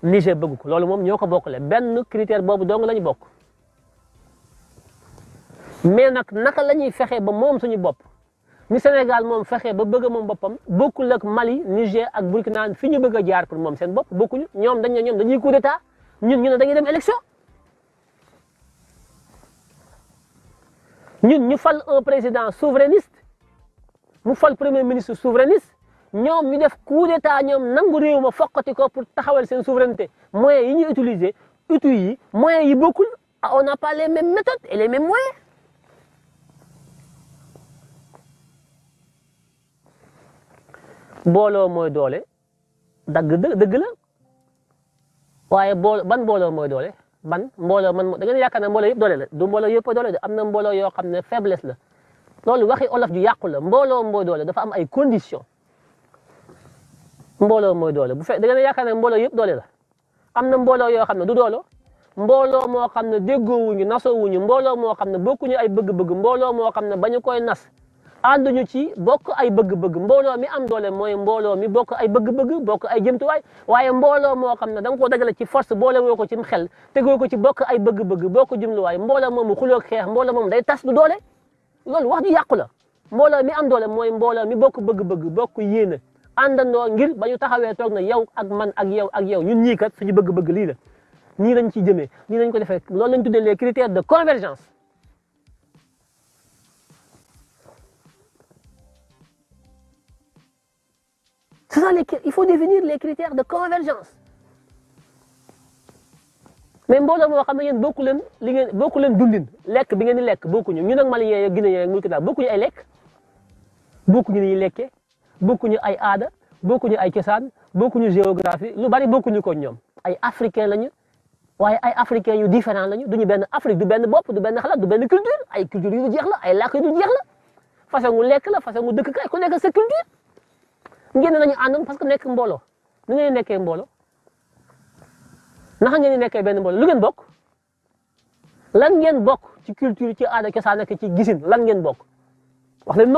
Niger bëgg ko loolu moom bokkale benn critère bokk mais nag naka la ba moom suñu ni Sénégal moom nous ba bëgg moom bokkul ak Mali Niger ak Burkina fi bëgg a jaar pour moom seen dañ dañuy coup d'état ñun ñu dañuy élection ñun ñu fal un président souverainiste mu fal premier ministre souverainiste ñom ñu def coup d'état ñom nangu réew ma fokkati ko pour taxawal sen souveraineté moyens yi ñuy utiliser outils yi moyens yi bokkul ah, on n'a pas les mêmes méthodes et les mêmes moyens booloo mooy doole dagg deug la waye bool ban bolo moy doole ban mbolo man da nga yakana mbolo mbooloo yëpp doole la du mbolo yëpp doole de am na mbooloo yoo faiblesse la loolu waxi olof ju yàqu la mbolo mooy doole dafa am ay conditions mbooloo mooy doole bu fe da a yaakaar ne mbooloo yëpp am na mbooloo yoo xam ne du doolo mbooloo moo xam ne déggoowuñu nasoowuñu mbooloo moo xam ne bokkuñu ay bëgg-bëgg mbooloo moo xam ne bañu koy nas ànduñu ci bokk ay bëgg-bëgg mbooloo mi am doole mooy mbooloo mi bokk ay bëgg-bëgg bokk ay jëmtuwaay waaye mbooloo moo xam ne da nga ko dagale ci force boole woo ko ci xel tegoo ko ci bokk ay bëgg-bëgg bokk jumluwaay mbooloo moomu xuloo xeex mbooloo moomu day tas du doole loolu wax ju yàqu la mbooloo mi am doole mooy mbooloo mi bokk bëgg-bëgg bokk yéene àndandoo ngir ba ñu taxawee toog na yow ak man ak yow ak yow ñun ñii kat suñu bëgg-bëgg lii la nii lañ ci jëmee nii lañ ko defee loolu lañ tuddee les critères de convergence ce sont les il faut définir les critères de convergence mais mbooloo moo xam ne yéen bokku leen li ngeen bokku leen dundin lekk bi ngeen di lekk bokkuñu ñun ak Maliens yeeg Guinéens yeeg Mauritaniens bokkuñu ay lekk bokkuñu ni ñuy lekkee bokkuñu ay aada bokkuñu ay cosaan bokkuñu géographie lu bari bokkuñu ko ñoom ay la lañu waaye ay africain yu différent lañu duñu benn Afrique du benn bopp du benn xalaat du benn culture ay culture yu jeex la ay làkk yu jeex la façon gu lekk la façon gu dëkk kay ku nekk sa culture ngeen nañu àndoon parce que nekk mbooloo nu ngeen nekkee mbooloo naka ngeen nekkee benn mbooloo lu ngeen bokk lan ngeen bokk ci culture ci aada cosaan ak ci gisin lan ngeen bokk wax leen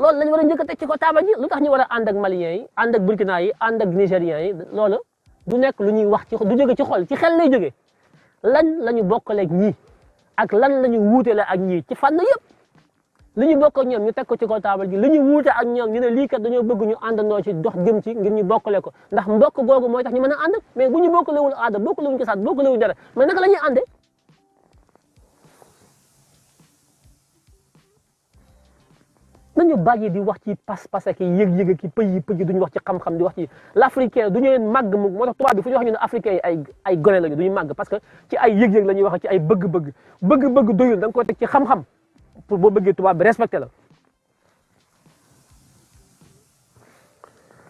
loolu lañu war a njëkk a teg ci ko taaba ji lu tax ñu war a ànd ak maliens ak burkina yi ànd ak nigériens yi loolu du nekk lu ñuy wax ci du jóge ci xol ci xel lay jóge lan la ñu bokkaleeg ñii ak lan la ñu wuutele ak ñii ci fànn yëpp li ñu ñu teg ko ci ko taabal ji li ñu wuute ak ñoom ñu ne lii ñu àndandoo ci ngir ñu bokkale ko ndax mbokk googu mooy tax ñu mën a ànd mais bu ñu bokkalewul aada bokkalewuñ ko saat bokkalewuñ dara mais naka la ñuy àndee nañu bàyyi di wax ci pas-pas ak yëg-yëg ak pëy yi pëy duñu wax ci xam-xam di wax ci l'africain du ñu leen màgg mu moo tax tubaab bi fu ñu wax ñu ne africain ay gone lañu duñu màgg parce que ci ay yëg-yëg la ñuy wax ci ay bëgg-bëgg bëgg-bëgg doyul da nga koy ci xam-xam pour boo bëggee tubaab bi respecté la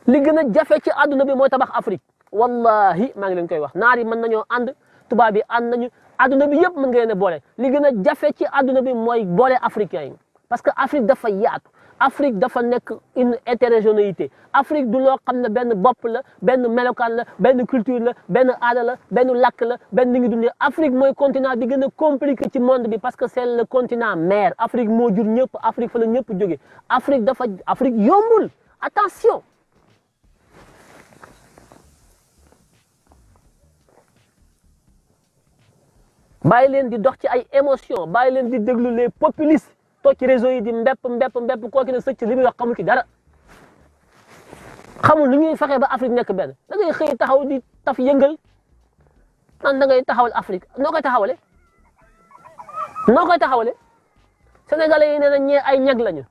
li gën jafe ci àdduna bi mooy tabax Afrique wallahi maa ngi leen koy wax naar yi mën nañoo ànd tubaab bi ànd nañu àdduna bi yëpp mën nga leen a boole li gën a jafe ci àdduna bi mooy boole africain yi parce que Afrique dafa yaatu Afrique dafa nek une hétérogénéité. Afrique du loo xam ben bop la ben melokaan la ben culture la ben aada la ben làkk la ben ni ngi dundee Afrique moy continent bi gëna compliqué ci monde bi parce que c'est le continent mère Afrique mo jur ñëpp Afrique fa la ñëpp joggé. Afrique dafa Afrique yombul attention bàyyi len di dox ci ay émotions bàyyi len di déglu les populistes toog ci réseau yi di mbépp mbépp mbépp kooki ne sëcc li muy wax xamul ci dara xamul lu ñuy fexee ba Afrique nekk benn da ngay xëy taxaw di taf yëngal naan da ngay taxawal Afrique noo koy taxawale noo koy taxawale Sénégalais yi nee na ñee ay ñag lañu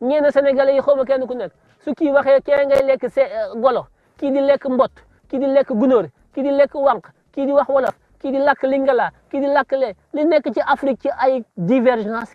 ñee ne Sénégalais yi xaw ma kenn ku nekk su kii waxee kee ngay lekk eh, golo kii di lekk mbott kii di lekk gunóor kii di lekk wànq kii di wax wolof kii di lakk lingala kii di lakk lee li nekk ci Afrique ci ay divergence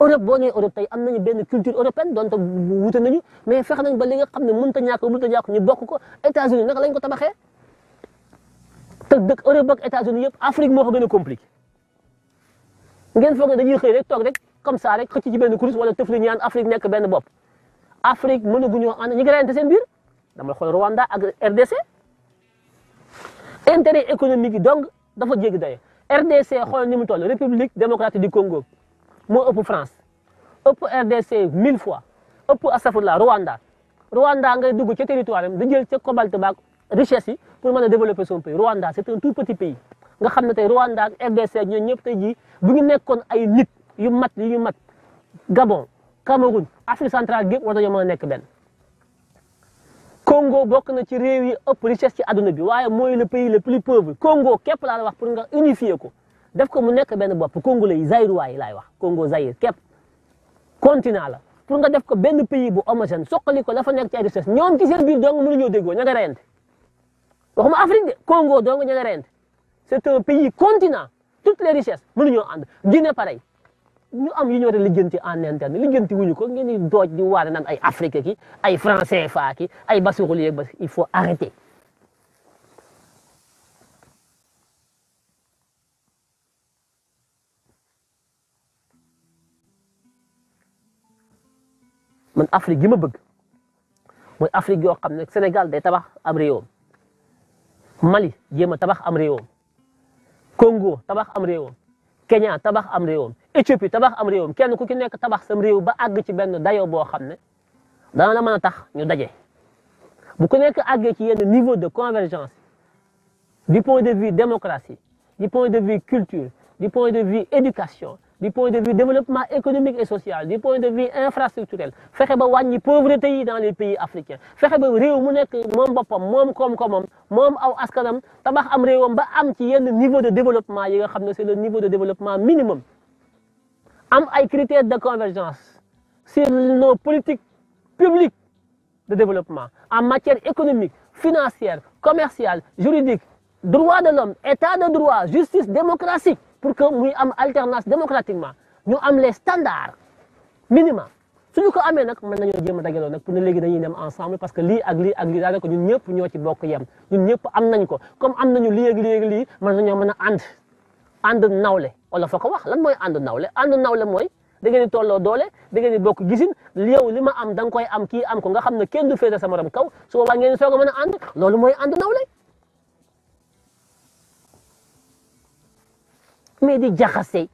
Europe boo nee Europe tey am nañu benn culture européenne donte wute nañu mais fexe nañ ba li nga xam ne mënut a ñàkk mënut a ñàkk ñu bokk ko États-Unis naka lañ ko tabaxee te dëkk Europe ak États-Unis yëpp Afrique moo ko gën a compliqué ngeen foog ne dañuy xëy rek toog rek comme ça rek xëcc ci benn kurus wala tëfli ñaan Afrique nekk benn ne Afrique mënaguñoo ànd ñu ngi reyante seen biir dama xool Rwanda ak RDC intérêt économique yi donc dafa jéggi daye RDC xool ni mu toll République démocratique du Congo. moi ëpp France ëpp RDC mille fois ëpp astafurla Rwanda Rwanda ngay dugg ca territoire am jël ca cobalt baak richesse yi pour mën développer son pays Rwanda c'est un tout petit pays nga xam ne Rwanda ak RDC nous ñëpp tey jii bu ñu nekkoon ay nit yu mat yi ñu mat Gabon Cameroun Afrique centrale gépp war nañoo mën a Congo bokk na ci réew yi ëpp richesse ci àdduna bi le pays le plus pauvre Congo képp laa la wax pour nga unifier ko def ko mu nekk benn bopp congolais yi zairois yi laay wax Congo Zaïre képp continent la pour nga def ko benn pays bu homogène soqali ko la fa nekk ci ay richesse ñoom ci seen biir dong mënuñoo déggoo ña nga reyante waxuma Afrique de Congo dong ña nga reyante c'est un pays continent toutes les richesses mënuñoo ànd Guinée pareil ñu am yu ñu war a lijjanti en li lijjanti wuñu ko ngeen di dooj di waare naan ay Afrique ki ay français faa ki ay basuxul yeeg bas il faut arrêter man Afrique yi ma bëgg mooy Afrique yoo xam ne Sénégal day tabax am réewam Mali jéem a tabax am réewam Congo tabax am réewam Kenya tabax am réewam Éthiopie tabax am réewam kenn ku ci nekk tabax sam réew ba àgg ci benn dayoo boo xam ne dana la mën a tax ñu daje bu ku nekk àggee ci yenn niveau de convergence du point de vue démocratie du point de vue culture du point de vue éducation du point de vue développement économique et social du point de vue infrastructurel fexe ba wàññi pauvreté dans les pays africains Il ba a mu aw am niveau de développement yi nga c'est le niveau de développement minimum am ay critères de convergence sur nos politiques publiques de développement en matière économique financière commerciale juridique droit de l'homme état de droit justice démocratie pour que muy am alternance démocratiquement ñu am les standards minima suñu ko amee nag na nañoo jéem a dajaloo nag pour ne léegi dañuy dem ensemble parce que lii ak lii ak lii daanaka ñun ñëpp ñoo ci bokk yem ñun ñëpp am nañ ko comme am nañu lii ak lii ak lii mën nañoo mën a ànd ànd nawle wala fa ko wax lan mooy ànd nawle ànd nawle mooy da ngeen di tolloo doole da ngeen di bokk gisin yow li ma am da nga koy am kii am ko nga xam ne kenn du féete sa morom kaw su boobaa ngeen soog a mën a ànd loolu mooy ànd nawle mais di jaxase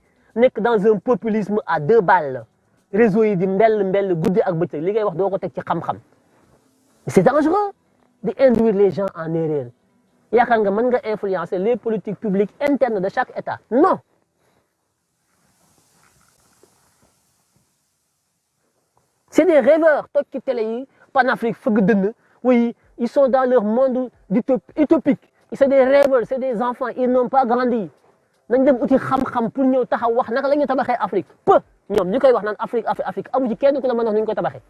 dans un populisme à deux balles réseau yi di mbell mbell goudi ak bëccëg li ngay wax ko ci xam-xam c'est dangereux d'induire induire les gens en erreur yakar nga man nga influencer les politiques publiques internes de chaque État non c'est des rêveurs toog ci télé yi panafrique feug oui ils sont dans leur monde utopique c'est des rêveurs c'est des enfants ils n'ont pas grandi nañ dem uti xam-xam pour ñëw taxaw wax naka la ñuy tabaxee Afrique peu ñoom ñu koy wax naan Afrique Afrique amu ci kenn ku la mën wax ni ñu koy tabaxee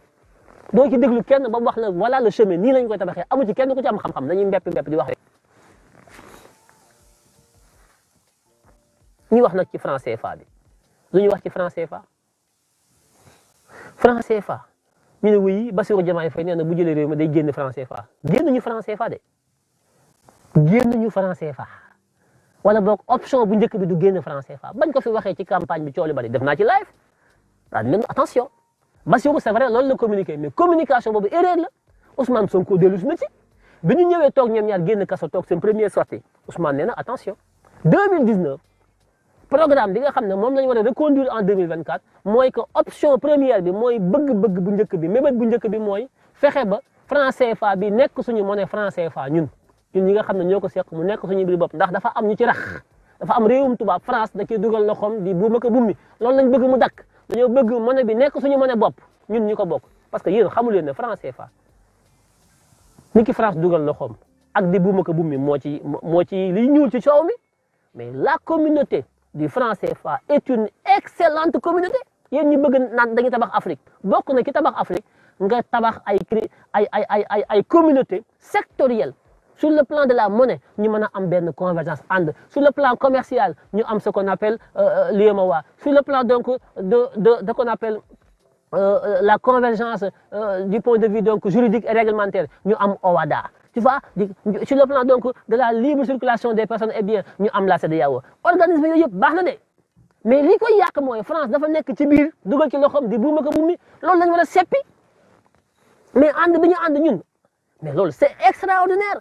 doo ci déglu kenn ba wax la voilà le chemin nii la ñu koy tabaxee amu ci kenn ku ci am xam-xam dañuy mbepp mbepp di wax rek. ñuy wax nag ci franc CFA bi lu ñuy wax ci fa CFA franc CFA ñu ne wuy Bassirou Diomaye Faye nee na bu jëlee réew mi day génn franc fa génn ñu franc CFA de ñu franc CFA. wala bok option bu ñëk bi du génn français CFA bañ ko fi waxee ci campagne bi coow bari def naa ci live daal même attention Bassirou c'est vrai loolu la communiqué mais communication boobu erreur la Ousmane Sonko dellu na ci bi ñu ñëwee toog ñoom ñaar génn kaso toog seen premier sortie Ousmane nee na attention 2019 programme bi nga xam ne moom la ñu war a reconduire en 2024 mooy que option première bi mooy bëgg-bëgg bu njëkk bi mébét bu njëkk bi mooy fexe ba français CFA bi nekk suñu monnaie français CFA ñun. ñun ñi nga xam ne ñoo ko seq mu nekk suñu biir bopp ndax dafa am ñu ci rax dafa am réewum tubaab France da cee dugal loxoom di buuma ko bummi loolu lañ bëgg mu dakk dañoo bëgg monnaie bi nekk suñu monnaie bopp ñun ñu ko bokk parce que yéen xamu leen ne franc ni ki France dugal loxoom ak di buuma ko bummi moo ci moo ci li ñuul ci coow mi mais la communauté du franc CFA est une excellente communauté yéen ñi bëgg naan dañuy tabax Afrique bokk na ki tabax Afrique nga tabax ay ay ay ay ay communauté sectorielle sur le plan de la monnaie nous avons une convergence sur le plan commercial nous avons ce qu'on appelle euh, euh, l'IMOA. sur le plan donc de de qu'on appelle euh, la convergence du point de vue donc juridique et réglementaire nous avons OWADA tu vois sur le plan donc de la libre circulation des personnes et eh bien la CDAO. organisme baax mais li koy France dafa ci le ci des a mais mais c'est extraordinaire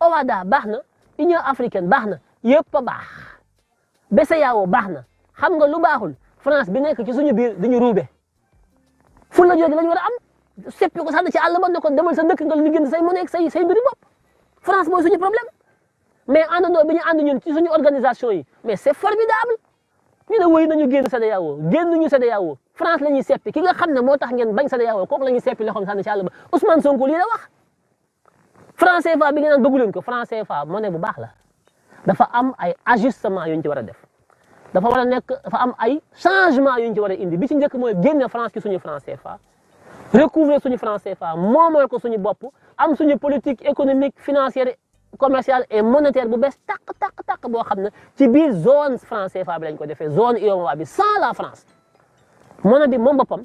OWADA baax na Union africaine baax na yëpp a baax BCEAO baax na xam nga lu baaxul France bi nekk ci suñu biir dañu ruube fu la jooju lañu am seppi ko sànni ci àll ba ne ko sa dëkk nga li gën say mën ak say say mbiri bopp France ci suñu organisation yi mais c'est formidable ñu ne wéy nañu e ñu CEDEAO France la ñuy seppi ki nga xam ne moo tax ngeen bañ CEDEAO kooku la ñuy seppi loxoom sànni ci àll ba Ousmane Sonko lii la wax. France CFA bi nga naan bëggu ko France CFA monnaie bu baax la dafa am ay ajustement yu ñu ci war a def dafa war a nekk dafa am ay changement yu ñu ci war a indi bi ci njëkk mooy génne France ci suñu France CFA recouvrir suñu France CFA moomal ko suñu bopp am suñu politique économique financière commerciale et monétaire bu bees tàq tàq tàq boo xam ne ci biir zone France CFA bi lañ ko defee zone UEMOA bi sans la France monnaie bi moom boppam.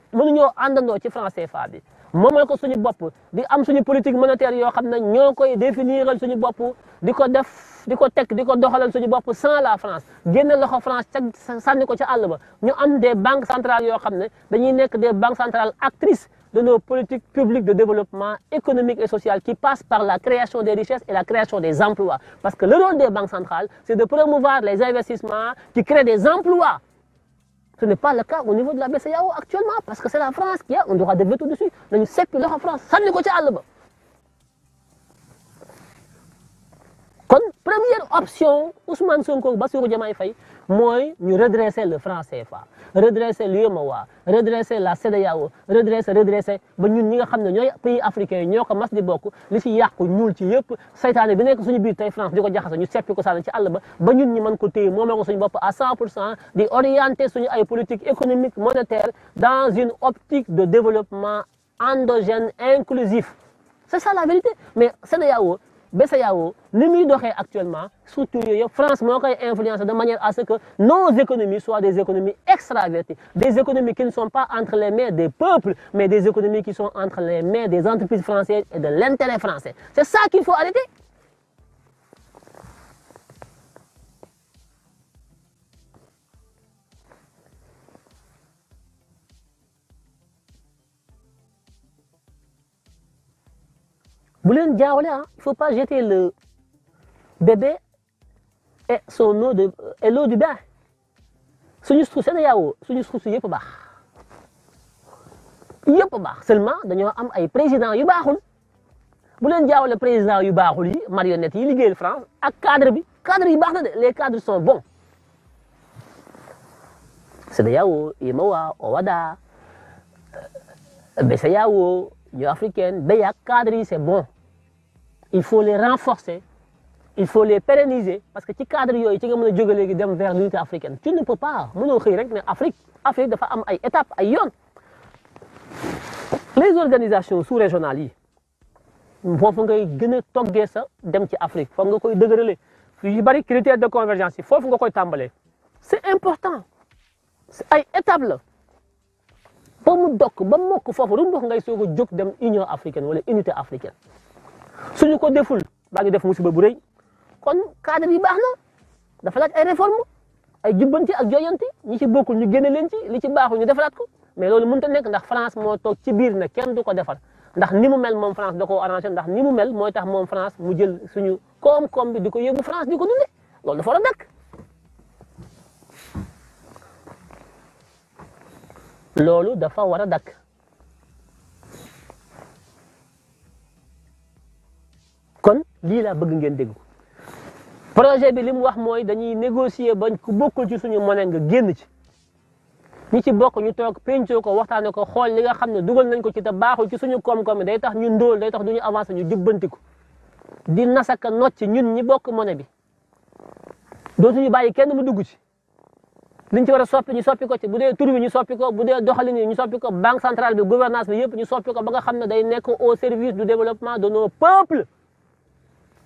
mënuñoo àndandoo ci franc CFA bi moom ko suñu bopp di am suñu politique monétaire yoo xam ne ñoo koy définiral suñu bopp di ko def di ko teg di ko doxalal suñu bopp sans la France génne loxo France ca sànni ko ca àll ba ñu am des banques centrales yoo xam ne dañuy nekk des banques centrales actrices de nos politiques publiques de développement économique et social qui passe par la création des richesses et la création des emplois. Parce que le rôle des banques centrales, c'est de promouvoir les investissements qui créent des emplois ce n'est pas le cas au niveau de la BCAO actuellement, parce que c'est la France qui a, on aura des veto dessus. Nous sommes en France, ça ne côté pas. Donc, première option, Ousmane Sonko, Bassirou moi, nous redresser le franc CFA redresser wa redresser la CEDEAO redresser redresser ba ñun pays africains ñoko mass di bokk li ci ci bi suñu biir France di ko ñu séppi ko ci ba ba ñun à 100 di orienter suñu ay politique économique monétaire dans une optique de développement endogène inclusif c'est ça la vérité mais CEDEAO le li muy actuellement surtout France m'a influencé de manière à ce que nos économies soient des économies extraverties des économies qui ne sont pas entre les mains des peuples mais des économies qui sont entre les mains des entreprises françaises et de l'intérêt français c'est ça qu'il faut arrêter bu leen jaawale ah il faut pas jeter le bébé et son eau de et l'eau du bain suñu suuf seen yaawoo suñu il si yëpp baax yëpp baax seulement dañoo am ay président yu baaxul bu leen le président yu baaxul yi marionnettes yi liggéeyal France ak cadre bi cadre yi baax na les cadres sont bons CEDEAO IMOA OWADA BCEAO Union africaine BEAC cadre yi c'est bon il faut les renforcer, il faut les pérenniser parce que ci cadre yoy ci nga vers l'unité africaine tu ne peux pas mënoo xey rek ne Afrique Afrique dafa am ay étapes ay yoon. les organisations sous-régionales yi faut nga gëna toggé toggee sa dem ci Afrique foofu nga koy l'Afrique. Il bari critères de convergence yi nga koy tambalé. c'est important c'est ay étapes la ba mu dok, ba mokk foofu lu mu ngay dem Union africaine wala unité africaine. suñu ko deful baa ngi def musiba bu rëy kon cadre yi baax na dafa laaj ay réforme ay jubbanti ak joyanti ñi ci bokkul ñu génne leen ci li ci baaxul ñu defaraat ko mais loolu munta nekk ndax France moo toog ci biir ne kenn du ko defar ndax ni mu mel moom France da koo arrangé ndax ni mu mel moo tax moom France mu jël suñu koom-koom bi di ko yóbbu France di ko dundee loolu dafa war a dakk dafa war a dakk kon lii laa bëgg ngeen dégg ko projet bi li mu wax mooy dañuy négocier bañ ku bokkul ci suñu monnaie nga génn ci ñi ci bokk ñu toog pencoo ko waxtaane ko xool li nga xam ne dugal nañ ko ci te baaxul ci suñu koom-koom day tax ñu dool day tax duñu avancer ñu jubbanti ko di nasaka not ci ñun ñi bokk monnaie bi dootuñu bàyyi kenn mu dugg ci liñ a soppi ñu soppi ko ci bu dee tur bi ñu soppi ko bu dee doxalin yi ñu soppi ko banque centrale bi gouvernance bi yëpp ñu soppi ko ba nga xam ne day nekk au service du développement de nos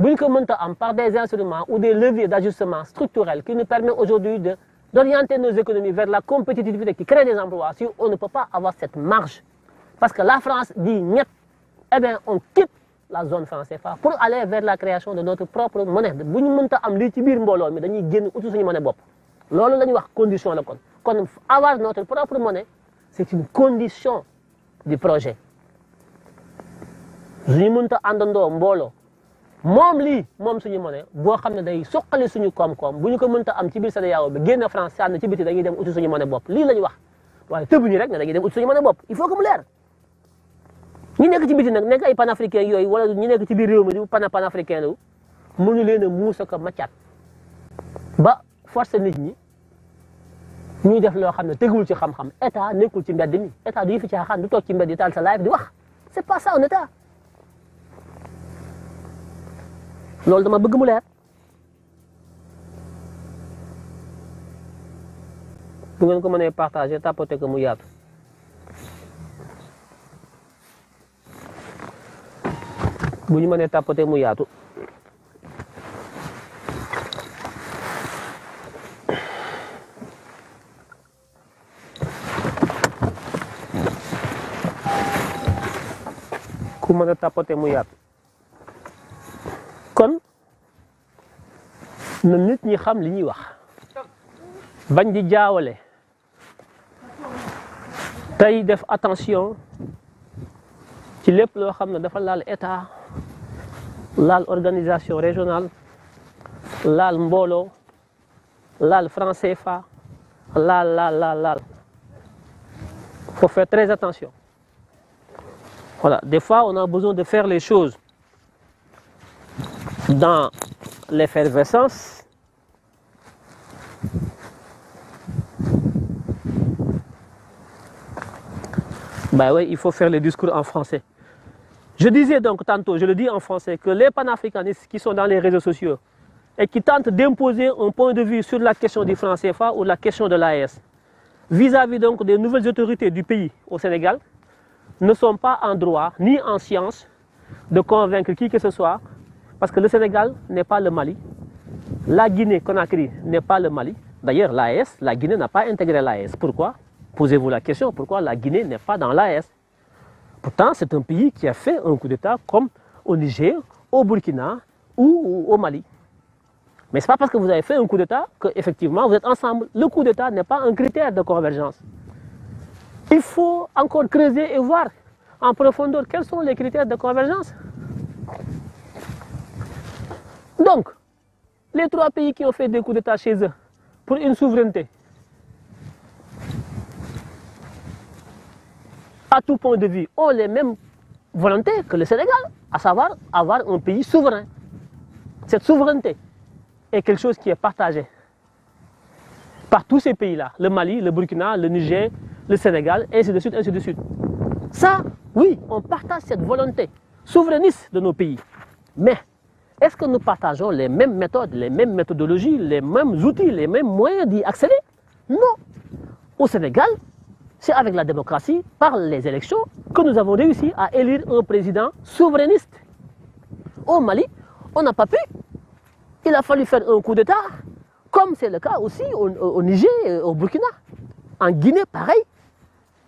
Si ko par des instruments ou des leviers d'ajustement structurels qui nous permettent aujourd'hui d'orienter nos économies vers la compétitivité qui crée des emplois, si on ne peut pas avoir cette marge, parce que la France dit net, eh bien on quitte la zone franc pour aller vers la création de notre propre monnaie on ñu en am ci mi dañuy monnaie que nous condition Quand avoir notre propre monnaie c'est une condition du projet suñu en àndandoo mbolo. moom lii moom suñu monnaie boo xam ne day suqali suñu koom-koom bu ñu ko mënta am ci biir CEDEAO bi génn France sànn ci biti dañuy dem uti suñu monnaie bopp lii la ñu wax waaye tëbuñu rek ne dañuy dem uti suñu monnaie bopp nekk ci biti nag nekk ay panafricain yooyu wala ñi nekk ci biir réew mi di pana panafricain lu mënu leen a muusa ko ba forcer nit ñi ñuy def loo xam ne teguwul ci xam-xam état nekkul ci mbedd mi état du yëfi ci xaxaan du toog ci mbedd yi taal sa di wax c'est pas ça loolu dama bëgg mu leer bu ngeen ko mënee partager tapoter ko mu yaatu bu ñu mënee tapoter mu yaatu ku mën a tapoter mu kon na nit ñi xam li attention ci lépp loo xam dafa laal organisation régionale laal mbooloo laal français, la laal laal faut faire très attention voilà des fois on a besoin de faire les choses dans l'effervescence, ben oui, il faut faire le discours en français. Je disais donc tantôt, je le dis en français, que les panafricanistes qui sont dans les réseaux sociaux et qui tentent d'imposer un point de vue sur la question du franc CFA ou la question de l'AS, vis-à-vis donc des nouvelles autorités du pays au Sénégal, ne sont pas en droit ni en science de convaincre qui que ce soit parce que le Sénégal n'est pas le Mali. La Guinée-Conakry n'est pas le Mali. D'ailleurs, l'AS, e la Guinée n'a pas intégré l'AES. Pourquoi Posez-vous la question, pourquoi la Guinée n'est pas dans l'AES Pourtant, c'est un pays qui a fait un coup d'État comme au Niger, au Burkina ou au Mali. Mais ce n'est pas parce que vous avez fait un coup d'État qu'effectivement vous êtes ensemble. Le coup d'État n'est pas un critère de convergence. Il faut encore creuser et voir en profondeur quels sont les critères de convergence. Donc, les trois pays qui ont fait des coups d'État chez eux pour une souveraineté, à tout point de vue, ont les mêmes volontés que le Sénégal, à savoir avoir un pays souverain. Cette souveraineté est quelque chose qui est partagé par tous ces pays-là, le Mali, le Burkina, le Niger, le Sénégal, et ainsi de suite, ainsi de suite. Ça, oui, on partage cette volonté souverainiste de nos pays. Mais est-ce que nous partageons les mêmes méthodes, les mêmes méthodologies, les mêmes outils, les mêmes moyens d'y accéder Non. Au Sénégal, c'est avec la démocratie, par les élections, que nous avons réussi à élire un président souverainiste. Au Mali, on n'a pas pu. Il a fallu faire un coup d'État, comme c'est le cas aussi au, Niger, au Burkina. En Guinée, pareil.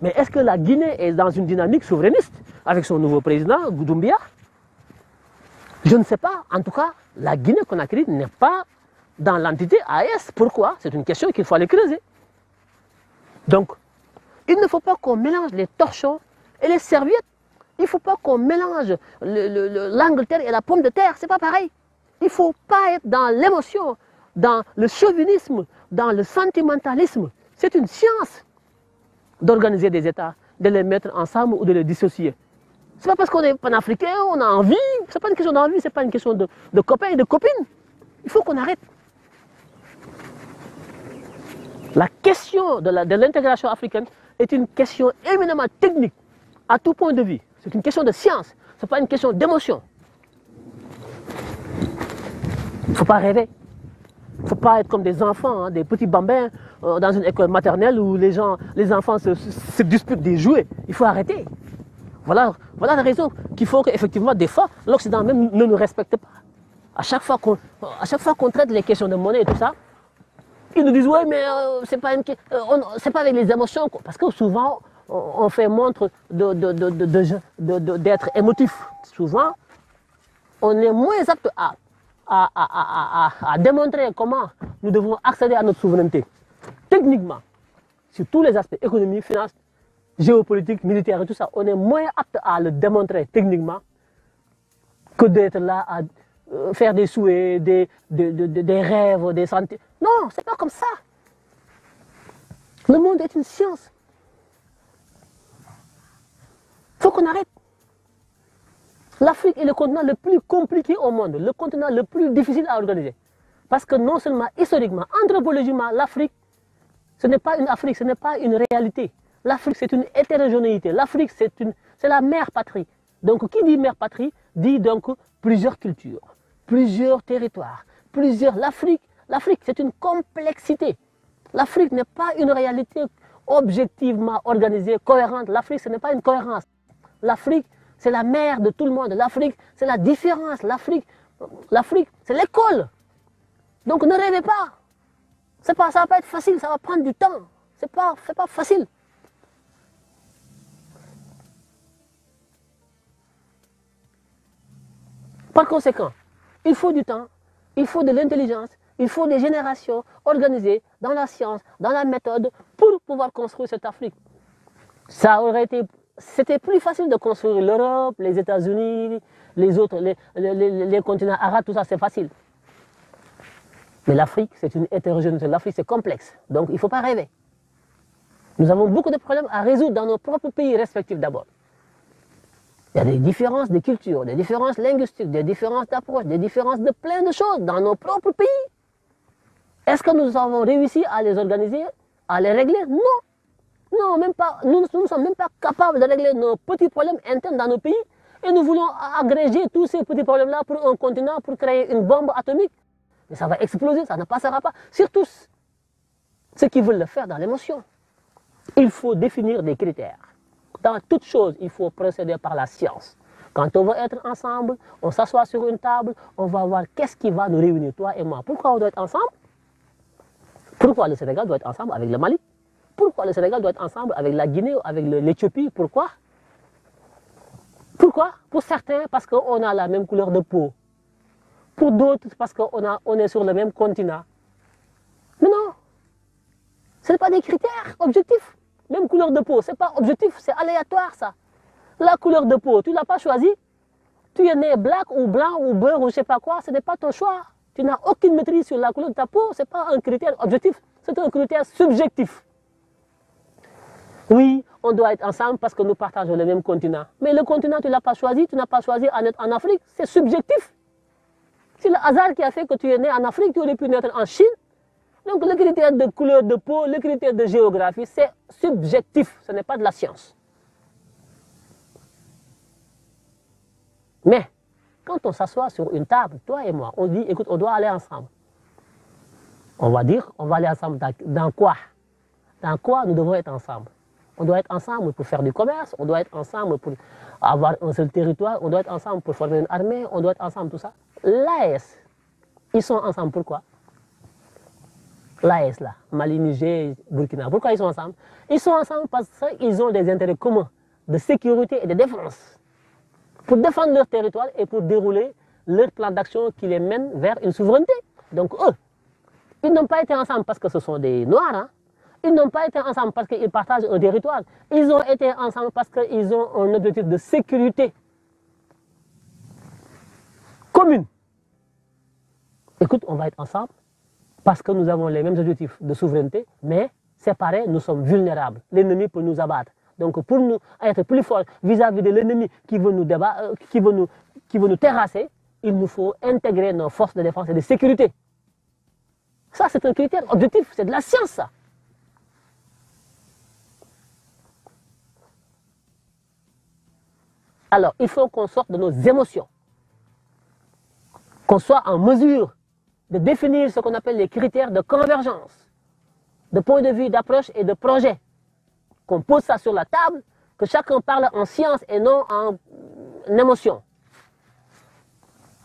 Mais est-ce que la Guinée est dans une dynamique souverainiste avec son nouveau président, Goudoumbia je ne sais pas. En tout cas, la Guinée-Conakry n'est pas dans l'entité AES. Pourquoi C'est une question qu'il faut aller creuser. Donc, il ne faut pas qu'on mélange les torchons et les serviettes. Il ne faut pas qu'on mélange l'Angleterre et la pomme de terre. Ce n'est pas pareil. Il ne faut pas être dans l'émotion, dans le chauvinisme, dans le sentimentalisme. C'est une science d'organiser des États, de les mettre ensemble ou de les dissocier. C'est pas parce qu'on est panafricain, on a envie. C'est pas une question d'envie, c'est pas une question de, de copains et de copines. Il faut qu'on arrête. La question de l'intégration africaine est une question éminemment technique, à tout point de vue. C'est une question de science, ce n'est pas une question d'émotion. Il ne faut pas rêver. Il ne faut pas être comme des enfants, hein, des petits bambins euh, dans une école maternelle où les, gens, les enfants se disputent des jouets. Il faut arrêter. Voilà, la raison qui font qu'effectivement, des fois, l'Occident même ne nous respecte pas. À chaque fois qu'on traite les questions de monnaie et tout ça, ils nous disent ouais mais euh, c'est pas euh, pas avec les émotions parce que souvent on fait montre de d'être émotif. Souvent on est moins apte à, démontrer comment nous devons accéder à notre souveraineté techniquement sur tous les aspects économiques, finance géopolitique, militaire et tout ça, on est moins apte à le démontrer techniquement que d'être là à euh, faire des souhaits, des, des, rêves, des santé. Non, c'est pas comme ça. Le monde est une science. Il faut qu'on arrête. L'Afrique est le continent le plus compliqué au monde, le continent le plus difficile à organiser. Parce que non seulement historiquement, anthropologiquement, l'Afrique, ce n'est pas une Afrique, ce n'est pas une réalité. L'Afrique, c'est une hétérogénéité. L'Afrique, c'est la mère patrie. Donc, qui dit mère patrie dit donc plusieurs cultures, plusieurs territoires, plusieurs. L'Afrique, l'Afrique, c'est une complexité. L'Afrique n'est pas une réalité objectivement organisée, cohérente. L'Afrique, ce n'est pas une cohérence. L'Afrique, c'est la mère de tout le monde. L'Afrique, c'est la différence. L'Afrique, c'est l'école. Donc ne rêvez pas. C'est pas, ça va pas être facile, ça va prendre du temps. C'est pas, c'est pas facile. Par conséquent, il faut du temps, il faut de l'intelligence, il faut des générations organisées dans la science, dans la méthode, pour pouvoir construire cette Afrique. Ça aurait été... C'était plus facile de construire l'Europe, les États-Unis, les autres, les, les continents arabes, tout ça, c'est facile. Mais l'Afrique, c'est une hétérogénéité. L'Afrique, c'est complexe. Donc, il ne faut pas rêver. Nous avons beaucoup de problèmes à résoudre dans nos propres pays respectifs d'abord. Il y a des différences de culture, des différences linguistiques, des différences d'approche, des différences de plein de choses dans nos propres pays. Est-ce que nous avons réussi à les organiser, à les régler Non. Non, même pas. Nous ne sommes même pas capables de régler nos petits problèmes internes dans nos pays et nous voulons agréger tous ces petits problèmes-là pour un continent, pour créer une bombe atomique. Mais ça va exploser, ça ne passera pas. Surtout ceux qui veulent le faire dans l'émotion. Il faut définir des critères dans toute chose, il faut procéder par la science. Quand on va être ensemble, on s'assoit sur une table, on va voir qu'est-ce qui va nous réunir, toi et moi. Pourquoi on doit être ensemble Pourquoi le Sénégal doit être ensemble avec le Mali Pourquoi le Sénégal doit être ensemble avec la Guinée ou avec l'Éthiopie Pourquoi Pourquoi Pour certains, parce qu'on a la même couleur de peau. Pour d'autres, parce qu'on on est sur le même continent. Mais non, ce n'est pas des critères objectifs. Même couleur de peau, c'est pas objectif, c'est aléatoire ça. La couleur de peau, tu l'as pas choisi? Tu es né black ou blanc ou beurre ou je sais pas quoi, ce n'est pas ton choix. Tu n'as aucune maîtrise sur la couleur de ta peau, ce n'est pas un critère objectif, c'est un critère subjectif. Oui, on doit être ensemble parce que nous partageons le même continent. Mais le continent, tu ne l'as pas choisi, tu n'as pas choisi à être en Afrique, c'est subjectif. C'est le hasard qui a fait que tu es né en Afrique, tu aurais pu naître en Chine, donc le critère de couleur de peau, le critère de géographie, c'est subjectif, ce n'est pas de la science. Mais quand on s'assoit sur une table, toi et moi, on dit, écoute, on doit aller ensemble. On va dire, on va aller ensemble dans, quoi Dans quoi nous devons être ensemble On doit être ensemble pour faire du commerce, on doit être ensemble pour avoir un seul territoire, on doit être ensemble pour former une armée, on doit être ensemble, tout ça. L'AS, ils sont ensemble pourquoi l'AES, là, Mali, Niger, Burkina. Pourquoi ils sont ensemble Ils sont ensemble parce qu'ils ont des intérêts communs de sécurité et de défense pour défendre leur territoire et pour dérouler leur plan d'action qui les mène vers une souveraineté. Donc eux, ils n'ont pas été ensemble parce que ce sont des Noirs. Hein. Ils n'ont pas été ensemble parce qu'ils partagent un territoire. Ils ont été ensemble parce qu'ils ont un objectif de sécurité commune. Écoute, on va être ensemble parce que nous avons les mêmes objectifs de souveraineté, mais séparés, nous sommes vulnérables. L'ennemi peut nous abattre. Donc pour nous être plus forts vis-à-vis de l'ennemi qui veut nous euh, qui qui veut nous terrasser, il nous faut intégrer nos forces de défense et de sécurité. Ça, c'est un critère objectif, c'est de la science, ça. Alors, il faut qu'on sorte de nos émotions, qu'on soit en mesure de définir ce qu'on appelle les critères de convergence, de point de vue, d'approche et de projet. Qu'on pose ça sur la table, que chacun parle en science et non euh, en émotion.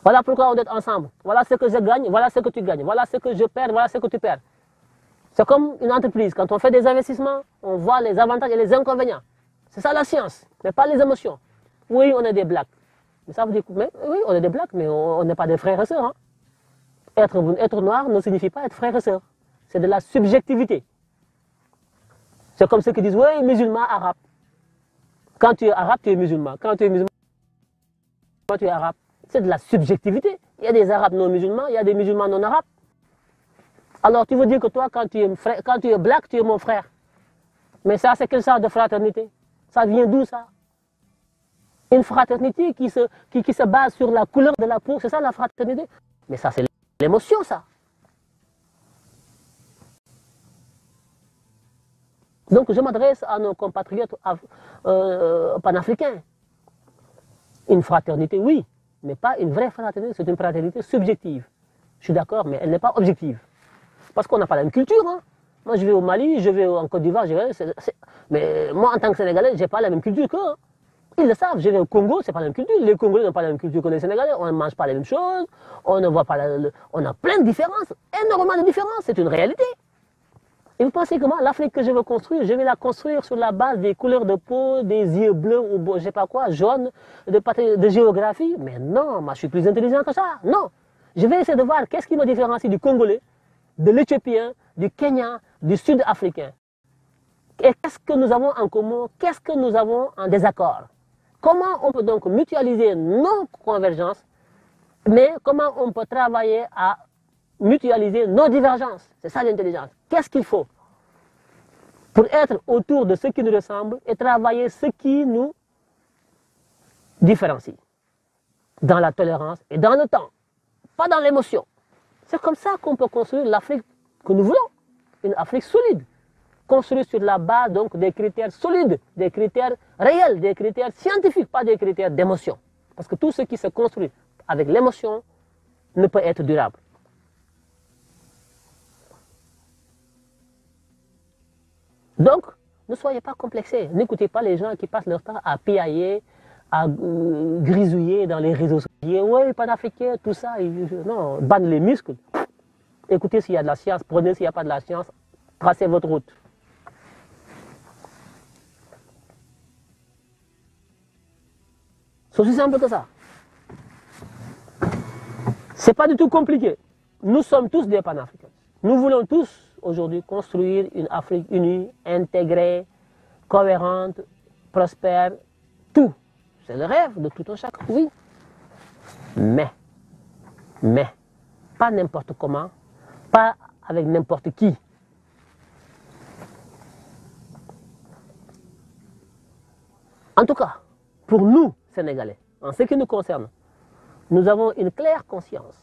Voilà pourquoi on est ensemble. Voilà ce que je gagne, voilà ce que tu gagnes, voilà ce que je perds, voilà ce que tu perds. C'est comme une entreprise. Quand on fait des investissements, on voit les avantages et les inconvénients. C'est ça la science, mais pas les émotions. Oui, on est des blagues. Mais ça vous dit, mais oui, on est des blagues, mais on n'est pas des frères et sœurs. Hein. Être, noir ne signifie pas être frère et sœur. C'est de la subjectivité. C'est comme ceux qui disent, oui, musulman, arabe. Quand tu es arabe, tu es musulman. Quand tu es musulman, tu es arabe. C'est de la subjectivité. Il y a des arabes non musulmans, il y a des musulmans non arabes. Alors tu veux dire que toi, quand tu es, quand tu es black, tu es mon frère. Mais ça, c'est quel genre de fraternité Ça vient d'où ça Une fraternité qui se, qui, qui se base sur la couleur de la peau, c'est ça la fraternité Mais ça, c'est L'émotion, ça. Donc je m'adresse à nos compatriotes euh, panafricains. Une fraternité, oui, mais pas une vraie fraternité, c'est une fraternité subjective. Je suis d'accord, mais elle n'est pas objective. Parce qu'on n'a pas la même culture. Hein. Moi, je vais au Mali, je vais en Côte d'Ivoire, je vais... mais moi, en tant que Sénégalais, je n'ai pas la même culture qu'eux. Hein. Ils le savent, je le au Congo, c'est pas la même culture. Les Congolais n'ont pas la même culture que les Sénégalais. On ne mange pas les mêmes choses, on ne voit pas On a plein de différences, énormément de différences, c'est une réalité. Et vous pensez que moi, l'Afrique que je veux construire, je vais la construire sur la base des couleurs de peau, des yeux bleus ou je ne sais pas quoi, jaunes, de, géographie Mais non, moi je suis plus intelligent que ça. Non, je vais essayer de voir qu'est-ce qui me différencie du Congolais, de l'Éthiopien, du Kenya, du Sud-Africain. Et qu'est-ce que nous avons en commun Qu'est-ce que nous avons en désaccord Comment on peut donc mutualiser nos convergences, mais comment on peut travailler à mutualiser nos divergences C'est ça l'intelligence. Qu'est-ce qu'il faut pour être autour de ce qui nous ressemble et travailler ce qui nous différencie dans la tolérance et dans le temps, pas dans l'émotion. C'est comme ça qu'on peut construire l'Afrique que nous voulons, une Afrique solide construit sur la base donc des critères solides, des critères réels, des critères scientifiques, pas des critères d'émotion. Parce que tout ce qui se construit avec l'émotion ne peut être durable. Donc, ne soyez pas complexés. N'écoutez pas les gens qui passent leur temps à piailler, à euh, grisouiller dans les réseaux sociaux. Oui, panafricain, tout ça. Non, banne les muscles. Écoutez s'il y a de la science, prenez s'il n'y a pas de la science, tracez votre route. C'est aussi simple que ça. C'est pas du tout compliqué. Nous sommes tous des panafricains. Nous voulons tous aujourd'hui construire une Afrique unie, intégrée, cohérente, prospère, tout. C'est le rêve de tout un chacun, oui. Mais, mais, pas n'importe comment, pas avec n'importe qui. En tout cas, pour nous, sénégalais. En ce qui nous concerne, nous avons une claire conscience,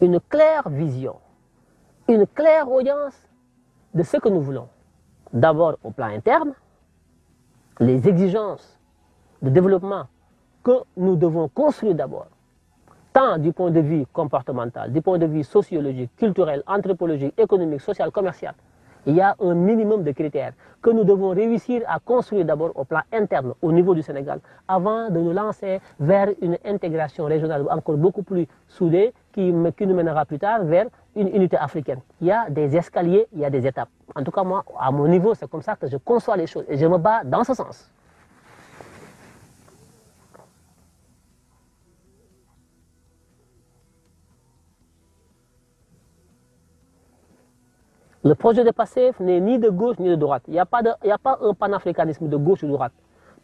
une claire vision, une claire audience de ce que nous voulons. D'abord au plan interne, les exigences de développement que nous devons construire d'abord, tant du point de vue comportemental, du point de vue sociologique, culturel, anthropologique, économique, social, commercial, il y a un minimum de critères que nous devons réussir à construire d'abord au plan interne, au niveau du Sénégal, avant de nous lancer vers une intégration régionale encore beaucoup plus soudée qui, nous mènera plus tard vers une unité africaine. Il y a des escaliers, il y a des étapes. En tout cas, moi, à mon niveau, c'est comme ça que je conçois les choses et je me bats dans ce sens. Le projet de PASTEF n'est ni de gauche ni de droite. Il n'y a, pas un panafricanisme de gauche ou de droite.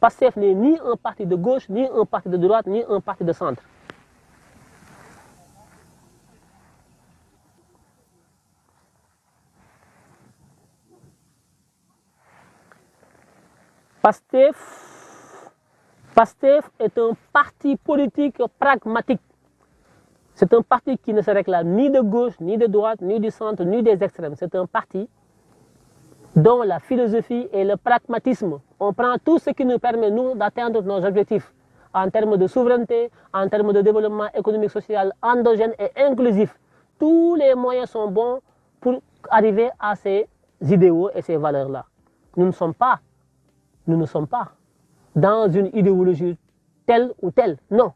PASTEF n'est ni un parti de gauche, ni un parti de droite, ni un parti de centre. PASTEF, PASTEF est un parti politique pragmatique. C'est un parti qui ne se réclame ni de gauche, ni de droite, ni du centre, ni des extrêmes. C'est un parti dont la philosophie et le pragmatisme. On prend tout ce qui nous permet, nous, d'atteindre nos objectifs en termes de souveraineté, en termes de développement économique, social, endogène et inclusif. Tous les moyens sont bons pour arriver à ces idéaux et ces valeurs-là. Nous ne sommes pas, nous ne sommes pas dans une idéologie telle ou telle. Non,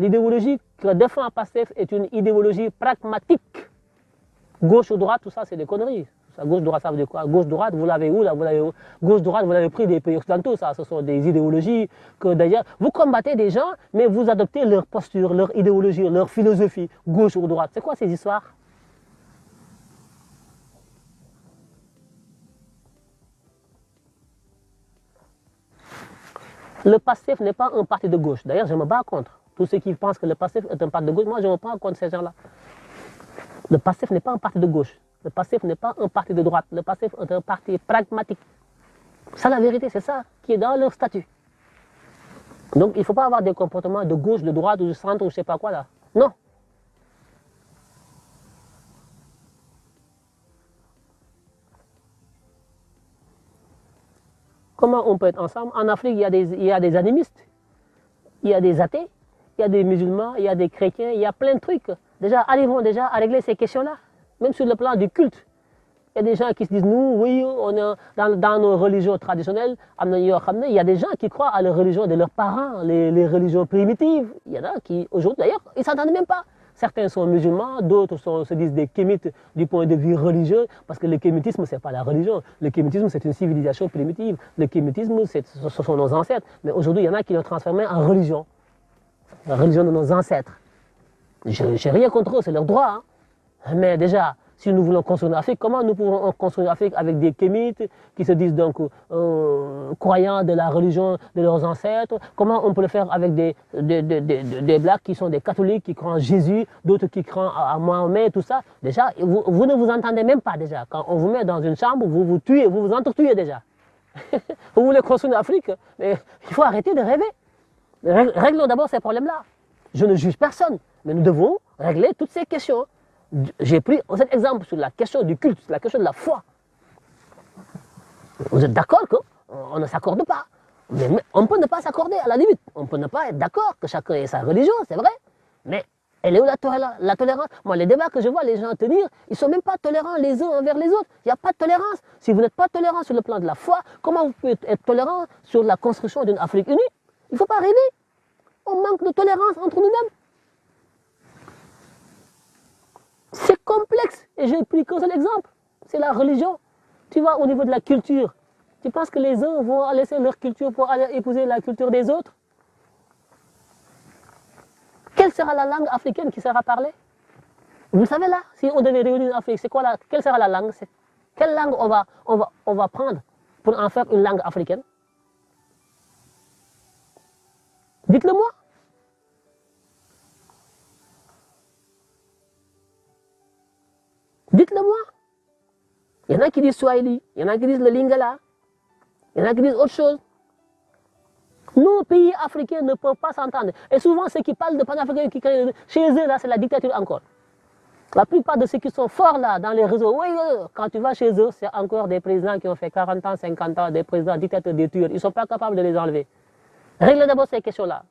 L'idéologie que défend un PASTEF est une idéologie pragmatique. Gauche ou droite, tout ça, c'est des conneries. Ça, gauche droite, ça veut dire quoi Gauche droite, vous l'avez où là vous Gauche droite, vous l'avez pris des pays occidentaux, ça, ce sont des idéologies que d'ailleurs vous combattez des gens, mais vous adoptez leur posture, leur idéologie, leur philosophie, gauche ou droite. C'est quoi ces histoires Le PASTEF n'est pas un parti de gauche. D'ailleurs, je me bats contre. Tous ceux qui pensent que le passif est un parti de gauche, moi je ne veux pas contre ces gens-là. Le passif n'est pas un parti de gauche. Le passif n'est pas un parti de droite. Le passif est un parti pragmatique. Ça, la vérité, c'est ça qui est dans leur statut. Donc, il ne faut pas avoir des comportements de gauche, de droite, ou de centre, ou je ne sais pas quoi là. Non. Comment on peut être ensemble En Afrique, il y des, il y a des animistes, il y a des athées, il y a des musulmans, il y a des chrétiens, il y a plein de trucs. Déjà, arrivons déjà à régler ces questions-là, même sur le plan du culte. Il y a des gens qui se disent, nous, oui, dans, nos religions traditionnelles, il y a des gens qui croient à la religion de leurs parents, les, les religions primitives. Il y en a qui, aujourd'hui d'ailleurs, ils ne s'entendent même pas. Certains sont musulmans, d'autres se disent des kémites du point de vue religieux, parce que le kémitisme, ce n'est pas la religion. Le kémitisme, c'est une civilisation primitive. Le kémitisme, ce sont nos ancêtres. Mais aujourd'hui, il y en a qui l'ont transformé en religion la religion de nos ancêtres. Je n'ai rien contre eux, c'est leur droit. Hein. Mais déjà, si nous voulons construire l'Afrique, comment nous pouvons construire l'Afrique avec des kémites qui se disent donc euh, croyants de la religion de leurs ancêtres Comment on peut le faire avec des, des, des, blacks qui sont des catholiques, qui croient en Jésus, d'autres qui croient à, Mohamed, tout ça Déjà, vous, vous, ne vous entendez même pas déjà. Quand on vous met dans une chambre, vous vous tuez, vous vous entretuez déjà. (laughs) vous voulez construire l'Afrique, mais il faut arrêter de rêver. Réglons d'abord ces problèmes-là. Je ne juge personne, mais nous devons régler toutes ces questions. J'ai pris cet exemple sur la question du culte, sur la question de la foi. Vous êtes d'accord qu'on euh, ne s'accorde pas. Mais on peut ne pas s'accorder, à la limite. On peut ne pas être d'accord que chacun ait sa religion, c'est vrai. Mais elle est où la, tolérance Moi, les débats que je vois les gens tenir, ils ne sont même pas tolérants les uns envers les autres. Il n'y a pas de tolérance. Si vous n'êtes pas tolérant sur le plan de la foi, comment vous pouvez être tolérant sur la construction d'une Afrique unie il ne faut pas rêver. On manque de tolérance entre nous-mêmes. C'est complexe. Et j'ai pris qu'un seul exemple. C'est la religion. Tu vois, au niveau de la culture, tu penses que les uns vont laisser leur culture pour aller épouser la culture des autres Quelle sera la langue africaine qui sera parlée Vous le savez là, si on devait réunir l'Afrique, c'est quoi quelle sera la langue Quelle langue on va, on, va, on va prendre pour en faire une langue africaine Dites-le moi. Dites-le moi. Il y en a qui disent Swahili, il y en a qui disent le Lingala, il y en a qui disent autre chose. Nos pays africains ne peuvent pas s'entendre. Et souvent, ceux qui parlent de panafricains, chez eux, là, c'est la dictature encore. La plupart de ceux qui sont forts là dans les réseaux, euh, quand tu vas chez eux, c'est encore des présidents qui ont fait 40 ans, 50 ans, des présidents dictateurs, des tueurs. Ils ne sont pas capables de les enlever. Réglez d'abord ces questions-là.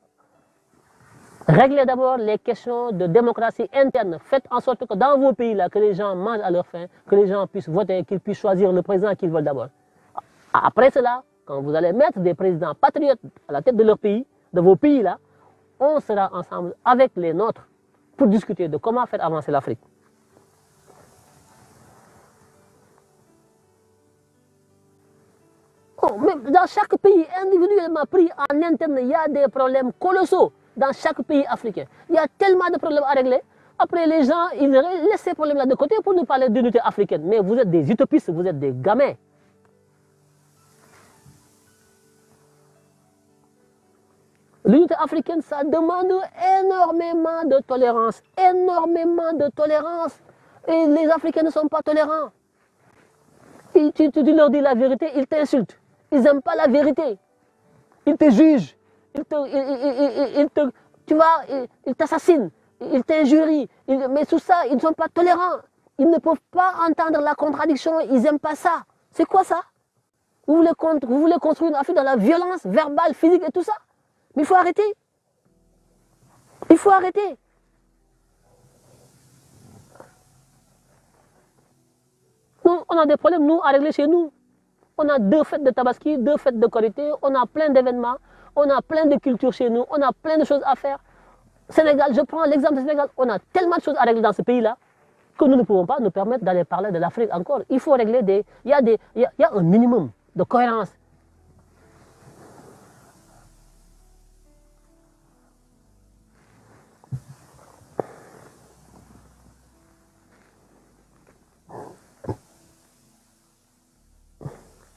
Réglez d'abord les questions de démocratie interne. Faites en sorte que dans vos pays, là, que les gens mangent à leur faim, que les gens puissent voter, qu'ils puissent choisir le président qu'ils veulent d'abord. Après cela, quand vous allez mettre des présidents patriotes à la tête de leur pays, de vos pays, là, on sera ensemble avec les nôtres pour discuter de comment faire avancer l'Afrique. Oh, dans chaque pays individuellement pris en interne, il y a des problèmes colossaux dans chaque pays africain. Il y a tellement de problèmes à régler. Après, les gens, ils laissent ces problèmes-là de côté pour nous parler d'unité africaine. Mais vous êtes des utopistes, vous êtes des gamins. L'unité africaine, ça demande énormément de tolérance, énormément de tolérance. Et les Africains ne sont pas tolérants. Et tu leur dis la vérité, ils t'insultent. Ils n'aiment pas la vérité. Ils te jugent. Ils te, tu vois, ils t'assassinent. Ils t'injurient. Mais sous ça, ils ne sont pas tolérants. Ils ne peuvent pas entendre la contradiction. Ils n'aiment pas ça. C'est quoi ça vous voulez, construire une affaire dans la violence verbale, physique et tout ça Mais il faut arrêter. Il faut arrêter. Nous, on a des problèmes, nous, à régler chez nous on a deux fêtes de Tabaski, deux fêtes de qualité. on a plein d'événements, on a plein de cultures chez nous, on a plein de choses à faire. Sénégal, je prends l'exemple du Sénégal, on a tellement de choses à régler dans ce pays-là que nous ne pouvons pas nous permettre d'aller parler de l'Afrique encore. Il faut régler des... Il y, il y a un minimum de cohérence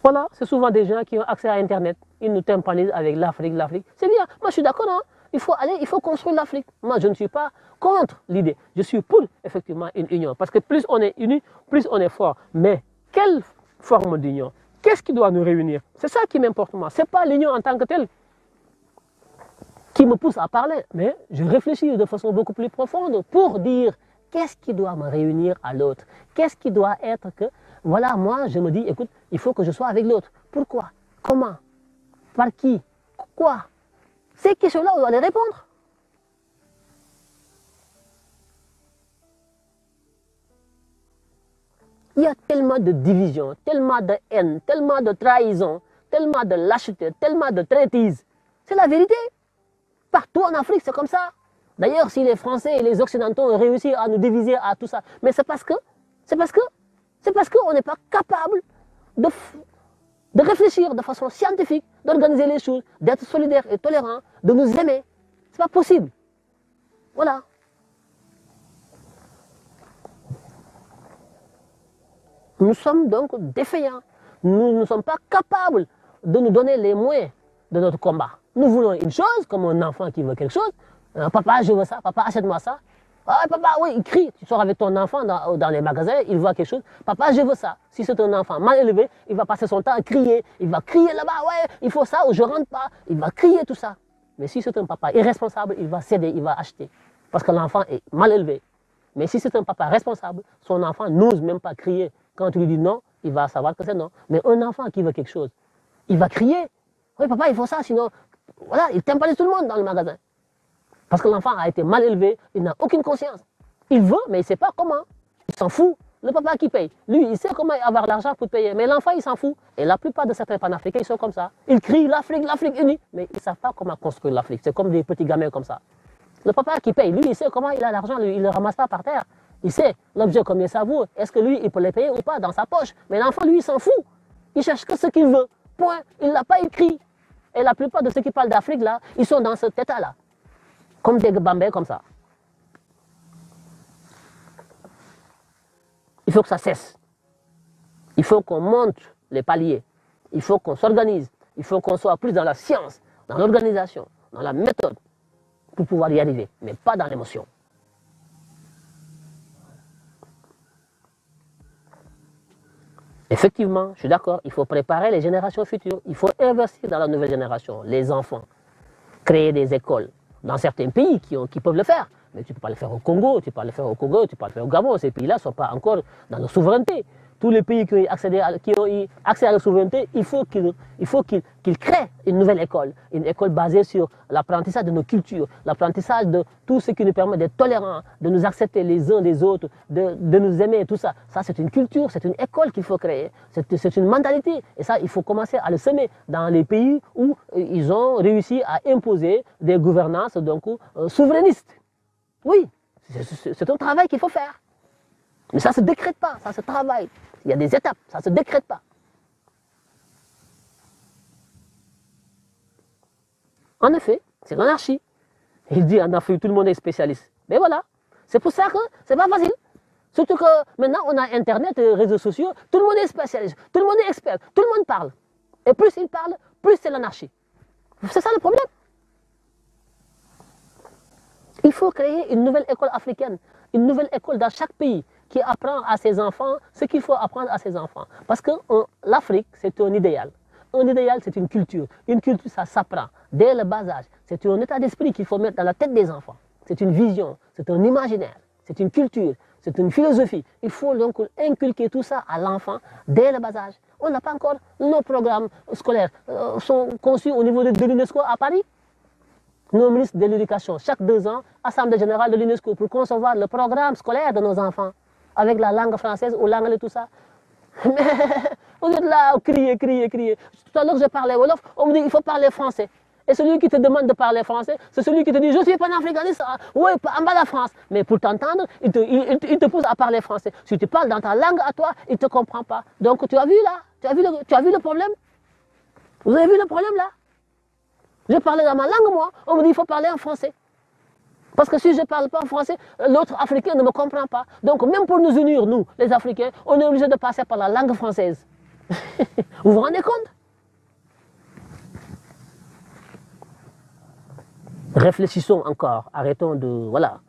Voilà, c'est souvent des gens qui ont accès à Internet. Ils nous tympanisent avec l'Afrique, l'Afrique. C'est bien, moi je suis d'accord, hein? il faut aller, il faut construire l'Afrique. Moi je ne suis pas contre l'idée, je suis pour effectivement une union. Parce que plus on est unis, plus on est fort. Mais quelle forme d'union Qu'est-ce qui doit nous réunir C'est ça qui m'importe moi. Ce n'est pas l'union en tant que telle qui me pousse à parler, mais je réfléchis de façon beaucoup plus profonde pour dire qu'est-ce qui doit me réunir à l'autre Qu'est-ce qui doit être que voilà, moi, je me dis, écoute, il faut que je sois avec l'autre. Pourquoi Comment Par qui Quoi Ces questions-là, on doit les répondre. Il y a tellement de division, tellement de haine, tellement de trahison, tellement de lâcheté, tellement de traitise. C'est la vérité. Partout en Afrique, c'est comme ça. D'ailleurs, si les Français et les Occidentaux ont réussi à nous diviser à tout ça, mais c'est parce que, c'est parce que c'est parce qu'on n'est pas capable de, de réfléchir de façon scientifique, d'organiser les choses, d'être solidaire et tolérant, de nous aimer. C'est pas possible. Voilà. Nous sommes donc défaillants. Nous ne sommes pas capables de nous donner les moyens de notre combat. Nous voulons une chose, comme un enfant qui veut quelque chose. Euh, Papa, je veux ça. Papa, achète-moi ça. Ah, papa, oui, il crie. Tu sors avec ton enfant dans, les magasins, il voit quelque chose. Papa, je veux ça. Si c'est un enfant mal élevé, il va passer son temps à crier. Il va crier là-bas, ouais, il faut ça ou je rentre pas. Il va crier tout ça. Mais si c'est un papa irresponsable, il va céder, il va acheter. Parce que l'enfant est mal élevé. Mais si c'est un papa responsable, son enfant n'ose même pas crier. Quand tu lui dis non, il va savoir que c'est non. Mais un enfant qui veut quelque chose, il va crier. Oui, papa, il faut ça, sinon, voilà, il t'aime pas tout le monde dans le magasin. Parce que l'enfant a été mal élevé, il n'a aucune conscience. Il veut, mais il ne sait pas comment. Il s'en fout. Le papa qui paye, lui, il sait comment avoir l'argent pour payer, mais l'enfant, il s'en fout. Et la plupart de certains panafricains, ils sont comme ça. Ils crient l'Afrique, l'Afrique unie, mais ils ne savent pas comment construire l'Afrique. C'est comme des petits gamins comme ça. Le papa qui paye, lui, il sait comment il a l'argent, il ne le ramasse pas par terre. Il sait l'objet, combien ça vaut, est-ce que lui, il peut le payer ou pas dans sa poche. Mais l'enfant, lui, il s'en fout. Il cherche que ce qu'il veut. Point. Il n'a l'a pas écrit. Et la plupart de ceux qui parlent d'Afrique, là, ils sont dans cet état-là comme des bambins comme ça il faut que ça cesse il faut qu'on monte les paliers il faut qu'on s'organise il faut qu'on soit plus dans la science dans l'organisation dans la méthode pour pouvoir y arriver mais pas dans l'émotion Effectivement, je suis d'accord, il faut préparer les générations futures. Il faut investir dans la nouvelle génération, les enfants, créer des écoles, dans certains pays qui, peuvent le faire. Mais tu ne peux pas le faire au Congo, tu ne peux pas le faire au Congo, tu ne peux pas le faire au Gabon. Ces pays-là ne sont pas encore dans leur souveraineté tous les pays qui ont, qui ont accès à la souveraineté, il faut qu'ils créent une nouvelle école, une école basée sur l'apprentissage de nos cultures, l'apprentissage de tout ce qui nous permet d'être tolérants, de nous accepter les uns des autres, de, nous aimer, tout ça. Ça, c'est une culture, c'est une école qu'il faut créer, c'est une mentalité. Et ça, il faut commencer à le semer dans les pays où euh, ils ont réussi à imposer des gouvernances donc, euh, souverainistes. Oui, c'est un travail qu'il faut faire. Mais ça ne se décrète pas, ça se travaille il y a des étapes, ça ne se décrète pas. En effet, c'est l'anarchie. Il dit en Afrique, tout le monde est spécialiste. Mais voilà, c'est pour ça que c'est pas facile. Surtout que maintenant, on a Internet, euh, réseaux sociaux, tout le monde est spécialiste, tout le monde est expert, tout le monde parle. Et plus il parle, plus c'est l'anarchie. C'est ça le problème. Il faut créer une nouvelle école africaine, une nouvelle école dans chaque pays, qui apprend à ses enfants ce qu'il faut apprendre à ses enfants. Parce que l'Afrique, c'est un idéal. Un idéal, c'est une culture. Une culture, ça s'apprend dès le bas âge. C'est un état d'esprit qu'il faut mettre dans la tête des enfants. C'est une vision, c'est un imaginaire, c'est une culture, c'est une philosophie. Il faut donc inculquer tout ça à l'enfant dès le bas âge. On n'a pas encore, nos programmes scolaires euh, sont conçus au niveau de l'UNESCO à Paris nos ministres de l'éducation, chaque deux ans, Assemblée générale de l'UNESCO, pour concevoir le programme scolaire de nos enfants avec la langue française ou l'anglais, tout ça. Mais vous (laughs) êtes là, criez, criez, criez. Tout à l'heure, je parlais Wolof, on me dit il faut parler français. Et celui qui te demande de parler français, c'est celui qui te dit Je suis panafricaniste, hein. oui, en bas la France. Mais pour t'entendre, il te, il, te, pousse à parler français. Si tu parles dans ta langue à toi, il ne te comprend pas. Donc tu as vu là tu as vu, le, tu as vu le problème Vous avez vu le problème là Je parlais dans ma langue, moi. On me dit Il faut parler en français. Parce que si je ne parle pas français, l'autre Africain ne me comprend pas. Donc même pour nous unir, nous, les Africains, on est obligé de passer par la langue française. (laughs) vous vous rendez compte Réfléchissons encore, arrêtons de... Voilà.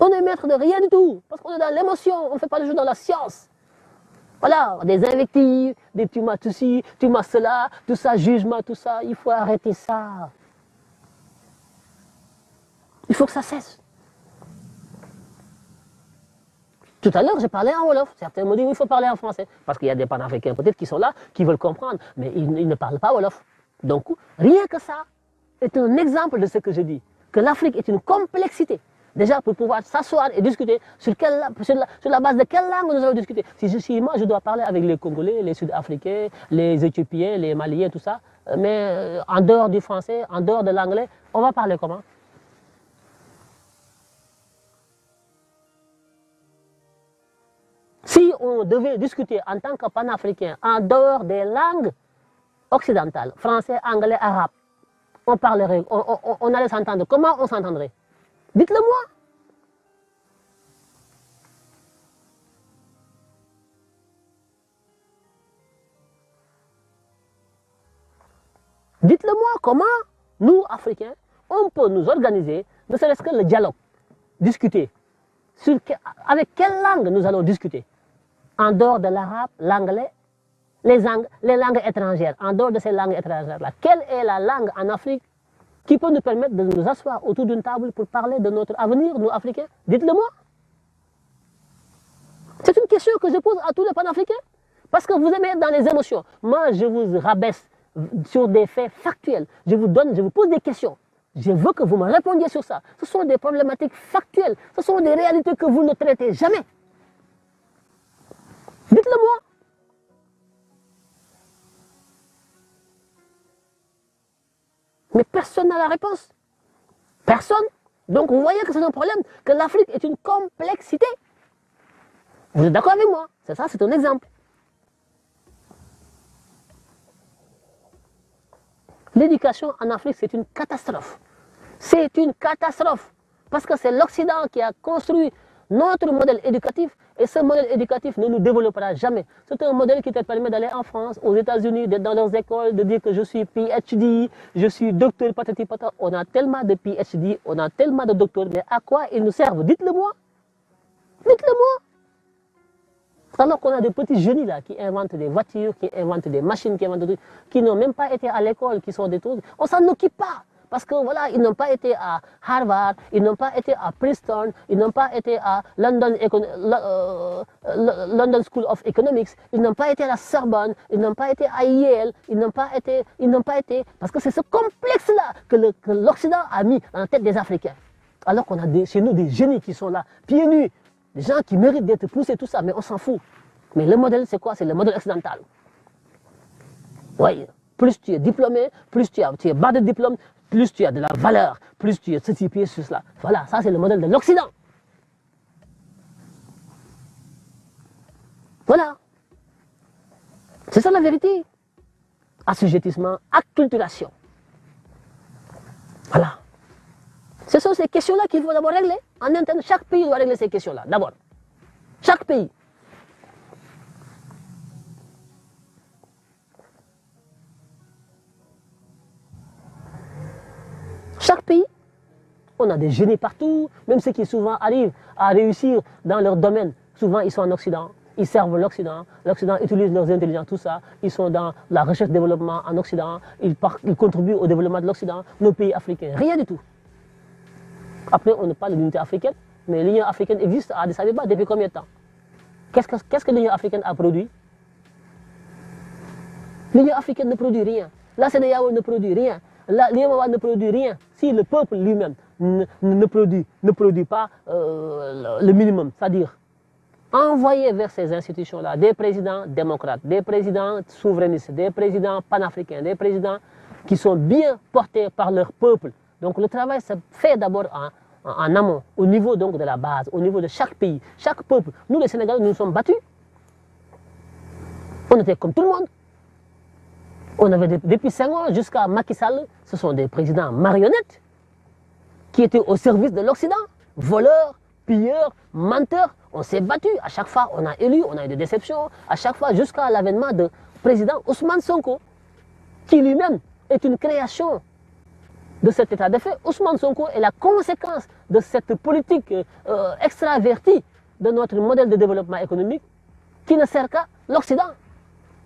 On est maître de rien du tout, parce qu'on est dans l'émotion, on ne fait pas le jeu dans la science. Voilà, des invectives, des tu m'as tout ci, tu m'as cela, tout ça, jugement, tout ça. Il faut arrêter ça. Il faut que ça cesse. Tout à l'heure, j'ai parlé en Wolof. Certains m'ont dit, il faut parler en français. Parce qu'il y a des panafricains peut-être qui sont là, qui veulent comprendre, mais ils ne parlent pas Wolof. Donc, rien que ça est un exemple de ce que je dis, que l'Afrique est une complexité déjà pour pouvoir s'asseoir et discuter sur, la, base de quelle langue nous allons discuter. Si je suis moi, je dois parler avec les Congolais, les Sud-Africains, les Éthiopiens, les Maliens, tout ça. Euh, mais euh, en dehors du français, en dehors de l'anglais, on va parler comment Si on devait discuter en tant que panafricain en dehors des langues occidentales, français, anglais, arabe, on parlerait, on allait s'entendre. Comment on s'entendrait Dites-le moi. Dites-le moi comment nous, Africains, on peut nous organiser, ne serait-ce que le dialogue, discuter. avec quelle langue nous allons discuter En dehors de l'arabe, l'anglais, les, les langues étrangères, en dehors de ces langues étrangères-là. Quelle est la langue en Afrique qui peut nous permettre de nous asseoir autour d'une table pour parler de notre avenir, nous Africains Dites-le-moi. C'est une question que je pose à tous les pan panafricains. Parce que vous aimez être dans les émotions. Moi, je vous rabaisse sur des faits factuels. Je vous donne, je vous pose des questions. Je veux que vous me répondiez sur ça. Ce sont des problématiques factuelles. Ce sont des réalités que vous ne traitez jamais. Dites-le moi. Mais personne n'a la réponse. Personne. Donc vous voyez que c'est un problème, que l'Afrique est une complexité. Vous êtes d'accord avec moi C'est ça, c'est un exemple. L'éducation en Afrique, c'est une catastrophe. C'est une catastrophe. Parce que c'est l'Occident qui a construit notre modèle éducatif et ce modèle éducatif ne nous développera jamais. C'est un modèle qui te permet d'aller en France, aux États-Unis, d'être dans leurs écoles, de dire que je suis PhD, je suis docteur, patati On a tellement de PhD, on a tellement de docteurs, mais à quoi ils nous servent Dites-le moi. Dites-le moi. Alors qu'on a des petits génies là qui inventent des voitures, qui inventent des machines, qui inventent des trucs, qui n'ont même pas été à l'école, qui sont des trucs. On s'en occupe pas. Parce que voilà, ils n'ont pas été à Harvard, ils n'ont pas été à Princeton, ils n'ont pas été à London, euh, London School of Economics, ils n'ont pas été à la Sorbonne, ils n'ont pas été à Yale, ils n'ont pas été, ils n'ont pas été, parce que c'est ce complexe-là que l'Occident a mis en tête des Africains. Alors qu'on a chez nous des génies qui sont là, pieds nus, des gens qui méritent d'être poussés, tout ça, mais on s'en fout. Mais le modèle, c'est quoi C'est le modèle occidental. Oui, plus tu es diplômé, plus tu, as, tu es bas de diplôme, plus tu as de la valeur, plus tu es certifié sur cela. Voilà, ça c'est le modèle de l'Occident. Voilà. C'est ça la vérité. Assujettissement, acculturation. Voilà. Ce sont ces questions-là qu'il faut d'abord régler. En interne, chaque pays doit régler ces questions-là. D'abord, chaque pays. Chaque pays, on a des génies partout, même ceux qui souvent arrivent à réussir dans leur domaine. Souvent, ils sont en Occident, ils servent l'Occident, l'Occident utilise leurs intelligences, tout ça. Ils sont dans la recherche-développement en Occident, ils, contribuent au développement de l'Occident, nos pays africains, rien du tout. Après, on ne parle l'unité africaine, mais l'Union africaine existe à Addis Abeba depuis combien de temps Qu'est-ce que, l'Union africaine a produit L'Union africaine ne produit rien. La CDAO ne produit rien. L'IMOA ne produit rien si le peuple lui-même ne, produit, ne produit pas euh, le minimum, c'est-à-dire envoyer vers ces institutions-là des présidents démocrates, des présidents souverainistes, des présidents panafricains, des présidents qui sont bien portés par leur peuple. Donc le travail se fait d'abord en, amont, au niveau donc de la base, au niveau de chaque pays, chaque peuple. Nous les Sénégalais, nous nous sommes battus. On était comme tout le monde. On avait depuis ans jusqu'à Macky Sall, ce sont des présidents marionnettes qui étaient au service de l'Occident, voleurs, pilleurs, menteurs. On s'est battu. À chaque fois, on a élu, on a eu des déceptions. À chaque fois, jusqu'à l'avènement de président Ousmane Sonko, qui lui-même est une création de cet état de fait. Ousmane Sonko est la conséquence de cette politique euh, extravertie de notre modèle de développement économique qui ne sert qu'à l'Occident.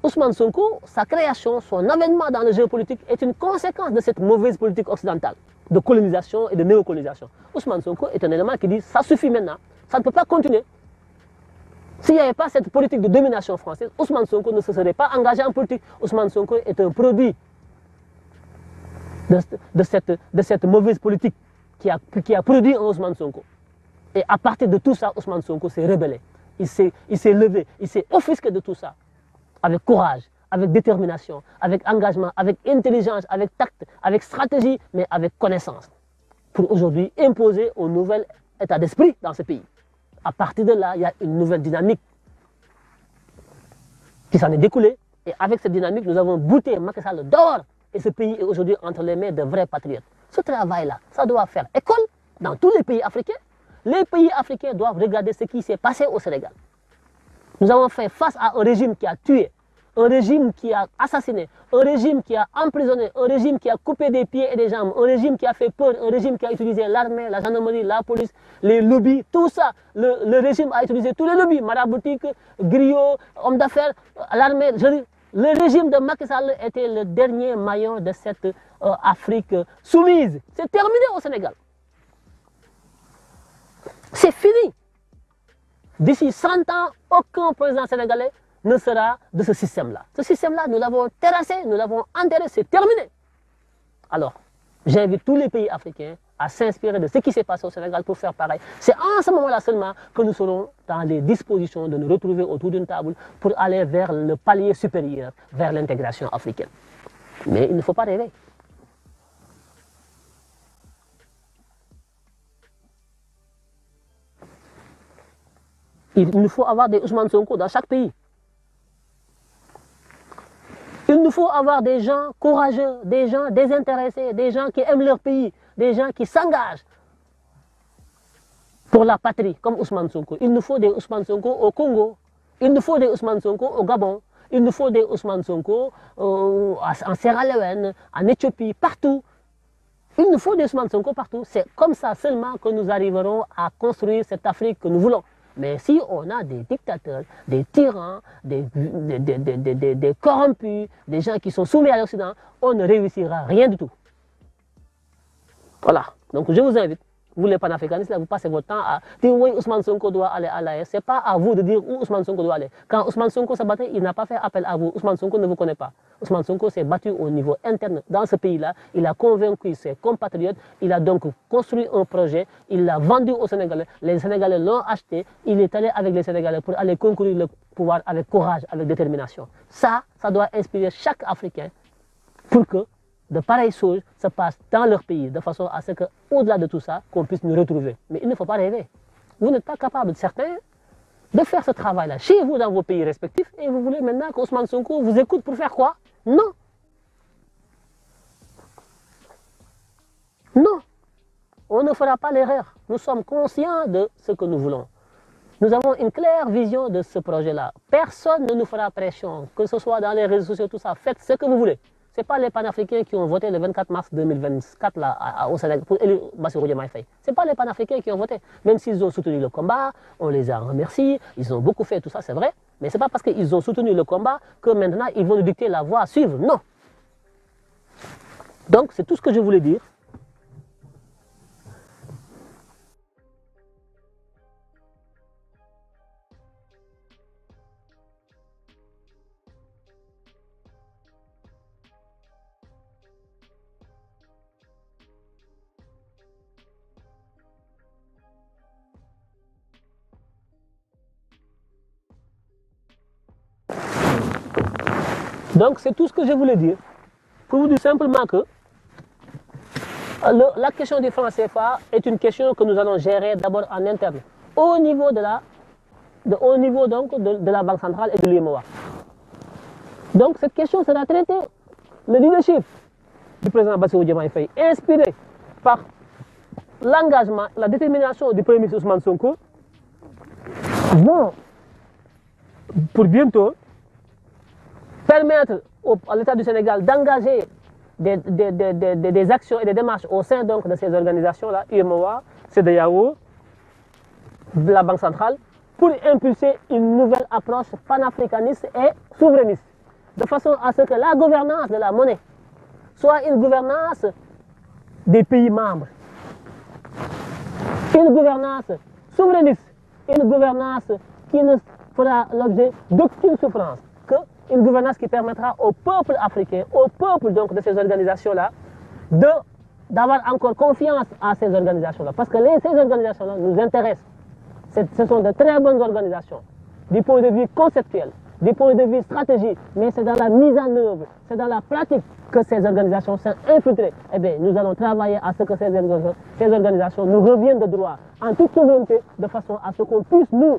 Ousmane Sonko, sa création, son avènement dans la géopolitique est une conséquence de cette mauvaise politique occidentale de colonisation et de néocolonisation. Ousmane Sonko est un élément qui dit ça suffit maintenant, ça ne peut pas continuer. S'il n'y avait pas cette politique de domination française, Ousmane Sonko ne se serait pas engagé en politique. Ousmane Sonko est un produit de, cette, mauvaise politique qui a, produit Ousmane Sonko. Et à partir de tout ça, Ousmane Sonko s'est rebellé. Il s'est levé, il s'est offusqué de tout ça avec courage, avec détermination, avec engagement, avec intelligence, avec tact, avec stratégie, mais avec connaissance, pour aujourd'hui imposer un nouvel état d'esprit dans ce pays. À partir de là, il y a une nouvelle dynamique qui s'en est découlée. Et avec cette dynamique, nous avons bouté Macky Sall dehors. Et ce pays est aujourd'hui entre les mains de vrais patriotes. Ce travail-là, ça doit faire école dans tous les pays africains. Les pays africains doivent regarder ce qui s'est passé au Sénégal. Nous avons fait face à un régime qui a tué, un régime qui a assassiné, un régime qui a emprisonné, un régime qui a coupé des pieds et des jambes, un régime qui a fait peur, un régime qui a utilisé l'armée, la gendarmerie, la police, les lobbies, tout ça. Le, régime a utilisé tous les lobbies, maraboutique, griot, Homme d'affaires, l'armée. Le régime de Macky Sall était le dernier maillon de cette euh, Afrique soumise. C'est terminé au Sénégal. C'est fini. D'ici 100 ans, aucun président sénégalais ne sera de ce système-là. Ce système-là, nous l'avons terrassé, nous l'avons enterré, c'est terminé. Alors, j'invite tous les pays africains à s'inspirer de ce qui s'est passé au Sénégal pour faire pareil. C'est en ce moment-là seulement que nous serons dans les dispositions de nous retrouver autour d'une table pour aller vers le palier supérieur, vers l'intégration africaine. Mais il ne faut pas rêver. Il nous faut avoir des Ousmane Sonko dans chaque pays. Il nous faut avoir des gens courageux, des gens désintéressés, des gens qui aiment leur pays, des gens qui s'engagent pour la patrie, comme Ousmane Sonko. Il nous faut des Ousmane Sonko au Congo, il nous faut des Ousmane Sonko au Gabon, il nous faut des Ousmane Sonko euh, en Sierra Leone, en Éthiopie, partout. Il nous faut des Ousmane Sonko partout. C'est comme ça seulement que nous arriverons à construire cette Afrique que nous voulons. Mais si on a des dictateurs, des tyrans, des, des, corrompus, des gens qui sont soumis à l'Occident, on ne réussira rien du tout. Voilà. Donc je vous invite vous les panafricanistes, là, vous passez votre temps à dire oui, Ousmane Sonko doit aller à l'AS. Ce n'est pas à vous de dire où Ousmane Sonko doit aller. Quand Ousmane Sonko s'est battu, il n'a pas fait appel à vous. Ousmane Sonko ne vous connaît pas. Ousmane Sonko s'est battu au niveau interne dans ce pays-là. Il a convaincu ses compatriotes. Il a donc construit un projet. Il l'a vendu aux Sénégalais. Les Sénégalais l'ont acheté. Il est allé avec les Sénégalais pour aller concourir le pouvoir avec courage, avec détermination. Ça, ça doit inspirer chaque Africain pour que de pareilles choses se passent dans leur pays, de façon à ce qu'au-delà de tout ça, qu'on puisse nous retrouver. Mais il ne faut pas rêver. Vous n'êtes pas capable, certains, de faire ce travail-là chez vous, dans vos pays respectifs, et vous voulez maintenant qu'Ousmane Sonko vous écoute pour faire quoi Non Non On ne fera pas l'erreur. Nous sommes conscients de ce que nous voulons. Nous avons une claire vision de ce projet-là. Personne ne nous fera pression, que ce soit dans les réseaux sociaux, tout ça. Faites ce que vous voulez. Ce n'est pas les panafricains qui ont voté le 24 mars 2024 à, au Sénégal pour élire Bassirou Ce n'est pas les panafricains qui ont voté. Même s'ils ont soutenu le combat, on les a remerciés, ils ont beaucoup fait tout ça, c'est vrai. Mais ce n'est pas parce qu'ils ont soutenu le combat que maintenant ils vont nous dicter la voie à suivre. Non. Donc c'est tout ce que je voulais dire. Donc c'est tout ce que je voulais dire. Pour vous dire simplement que euh, la question du franc CFA est une question que nous allons gérer d'abord en interne, au niveau de la, au niveau donc de, la Banque centrale et de l'IMOA. Donc cette question sera traitée. Le leadership du président Bassirou Diomaye inspiré par l'engagement, la détermination du premier ministre Ousmane Sonko, vont pour bientôt permettre à l'État du Sénégal d'engager des, actions et des démarches au sein donc de ces organisations-là, IMOA, CDAO, la Banque centrale, pour impulser une nouvelle approche panafricaniste et souverainiste, de façon à ce que la gouvernance de la monnaie soit une gouvernance des pays membres, une gouvernance souverainiste, une gouvernance qui ne fera l'objet d'aucune souffrance une gouvernance qui permettra au peuple africain, au peuple donc de ces organisations-là, d'avoir encore confiance à ces organisations-là. Parce que ces organisations-là nous intéressent. Ce sont de très bonnes organisations, du point de vue conceptuel, du point de vue stratégique, mais c'est dans la mise en œuvre, c'est dans la pratique que ces organisations sont infiltrées. Eh bien, nous allons travailler à ce que ces organisations, ces organisations nous reviennent de droit, en toute souveraineté, de façon à ce qu'on puisse, nous,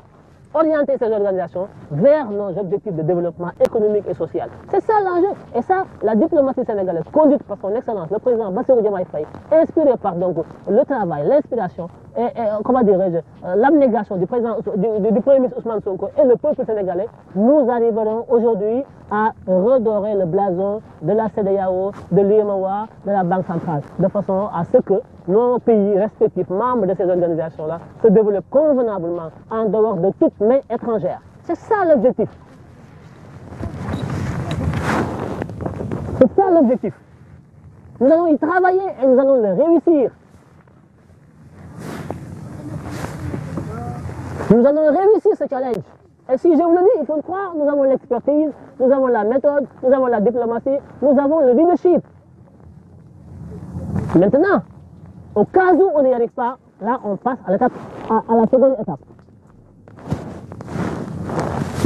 orienter ces organisations vers nos objectifs de développement économique et social. C'est ça l'enjeu. Et ça, la diplomatie sénégalaise, conduite par son excellence, le président Bassirou Diomaye Faye, inspiré par le travail, l'inspiration, et, euh, comment dirais-je, euh, l'abnégation du, président, du, du Premier ministre Ousmane Sonko et le peuple sénégalais, nous arriverons aujourd'hui à redorer le blason de la CDAO, de l'IMOA, de la Banque centrale, de façon à ce que nos pays respectifs, membres de ces organisations-là, se développent convenablement en dehors de toute main étrangères. C'est ça l'objectif. C'est ça l'objectif. Nous allons y travailler et nous allons le réussir. Nous allons réussir ce challenge. Et si je vous le dis, il faut le croire, nous avons l'expertise, nous avons la méthode, nous avons la diplomatie, nous avons le leadership. Maintenant, au cas où on n'y arrive pas, là on passe à, l'étape, à, la seconde étape.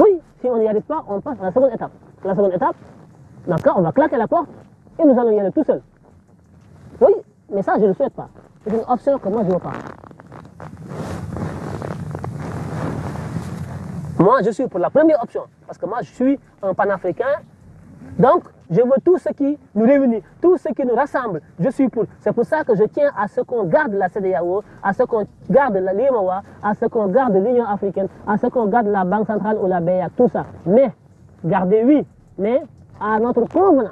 Oui, si on n'y arrive pas, on passe à la seconde étape. La seconde étape, d'accord, on va claquer la porte et nous allons y aller tout seul. Oui, mais ça je ne le souhaite pas. C'est une option que moi je ne veux pas. Moi, je suis pour la première option, parce que moi, je suis un panafricain. Donc, je veux tout ce qui nous réunit, tout ce qui nous rassemble. Je suis pour. C'est pour ça que je tiens à ce qu'on garde la CDAO, à ce qu'on garde la LIMAWA, à ce qu'on garde l'Union africaine, à ce qu'on garde la Banque centrale ou la BEA, tout ça. Mais, gardez oui, mais à notre convenance.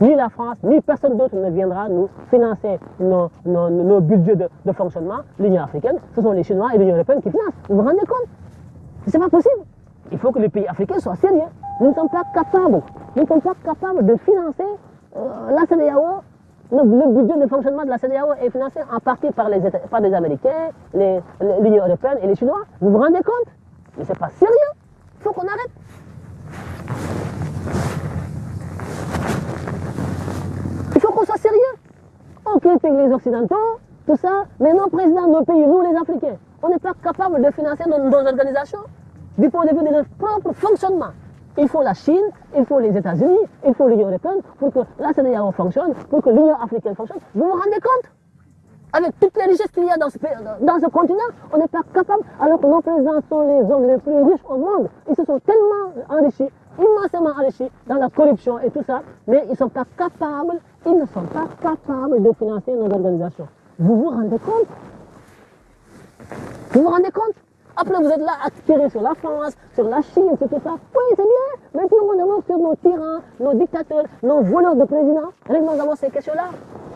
Ni la France, ni personne d'autre ne viendra nous financer nos, budgets de, de fonctionnement. L'Union africaine, ce sont les Chinois et l'Union européenne qui financent. Vous vous rendez compte c'est pas possible. Il faut que les pays africains soient sérieux. Nous ne sommes pas capables. Nous ne sommes pas capables de financer euh, la CDAO. Le, budget de fonctionnement de la CDAO est financé en partie par les, par les Américains, l'Union européenne et les Chinois. Vous vous rendez compte Mais n'est pas sérieux. Il faut qu'on arrête. Il faut qu'on soit sérieux. On critique les Occidentaux, tout ça, mais nos présidents de nos pays, nous les Africains, on n'est pas capables de financer nos organisations du point de vue de leur propre fonctionnement. Il faut la Chine, il faut les États-Unis, il faut l'Union européenne pour que la CEDEAO fonctionne, pour que l'Union africaine fonctionne. Vous vous rendez compte Avec toutes les richesses qu'il y a dans ce, dans ce continent, on n'est pas capable, alors que nos présidents sont les hommes les plus riches au monde. Ils se sont tellement enrichis, immensément enrichis dans la corruption et tout ça, mais ils ne sont pas capables, ils ne sont pas capables de financer nos organisations. Vous vous rendez compte Vous vous rendez compte après, vous êtes là à tirer sur la France, sur la Chine, sur tout ça. Oui, c'est bien. Mais puis, on avance sur nos tyrans, nos dictateurs, nos voleurs de présidents. Réglons d'abord ces questions-là.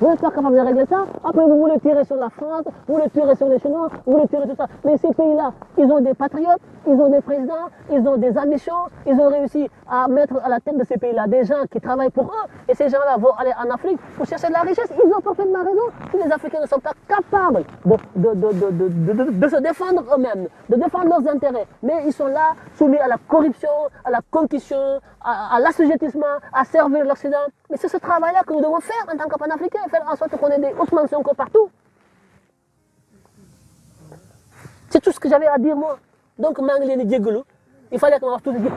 Vous n'êtes pas capable de régler ça. Après, vous voulez tirer sur la France, vous voulez tirer sur les Chinois, vous voulez tirer tout ça. Mais ces pays-là, ils ont des patriotes, ils ont des présidents, ils ont des ambitions, ils ont réussi à mettre à la tête de ces pays-là des gens qui travaillent pour eux. Et ces gens-là vont aller en Afrique pour chercher de la richesse. Ils ont parfaitement raison. les Africains ne sont pas capables de, de, de se défendre eux-mêmes, de défendre leurs intérêts. Mais ils sont là, soumis à la corruption, à la concussion, à, l'assujettissement, à servir l'Occident. Mais c'est ce travail-là que nous devons faire en tant que faire en sorte qu'on ait des Ousmane Sonko partout. C'est tout ce que j'avais à dire, moi. Donc, il fallait que ait tous les ci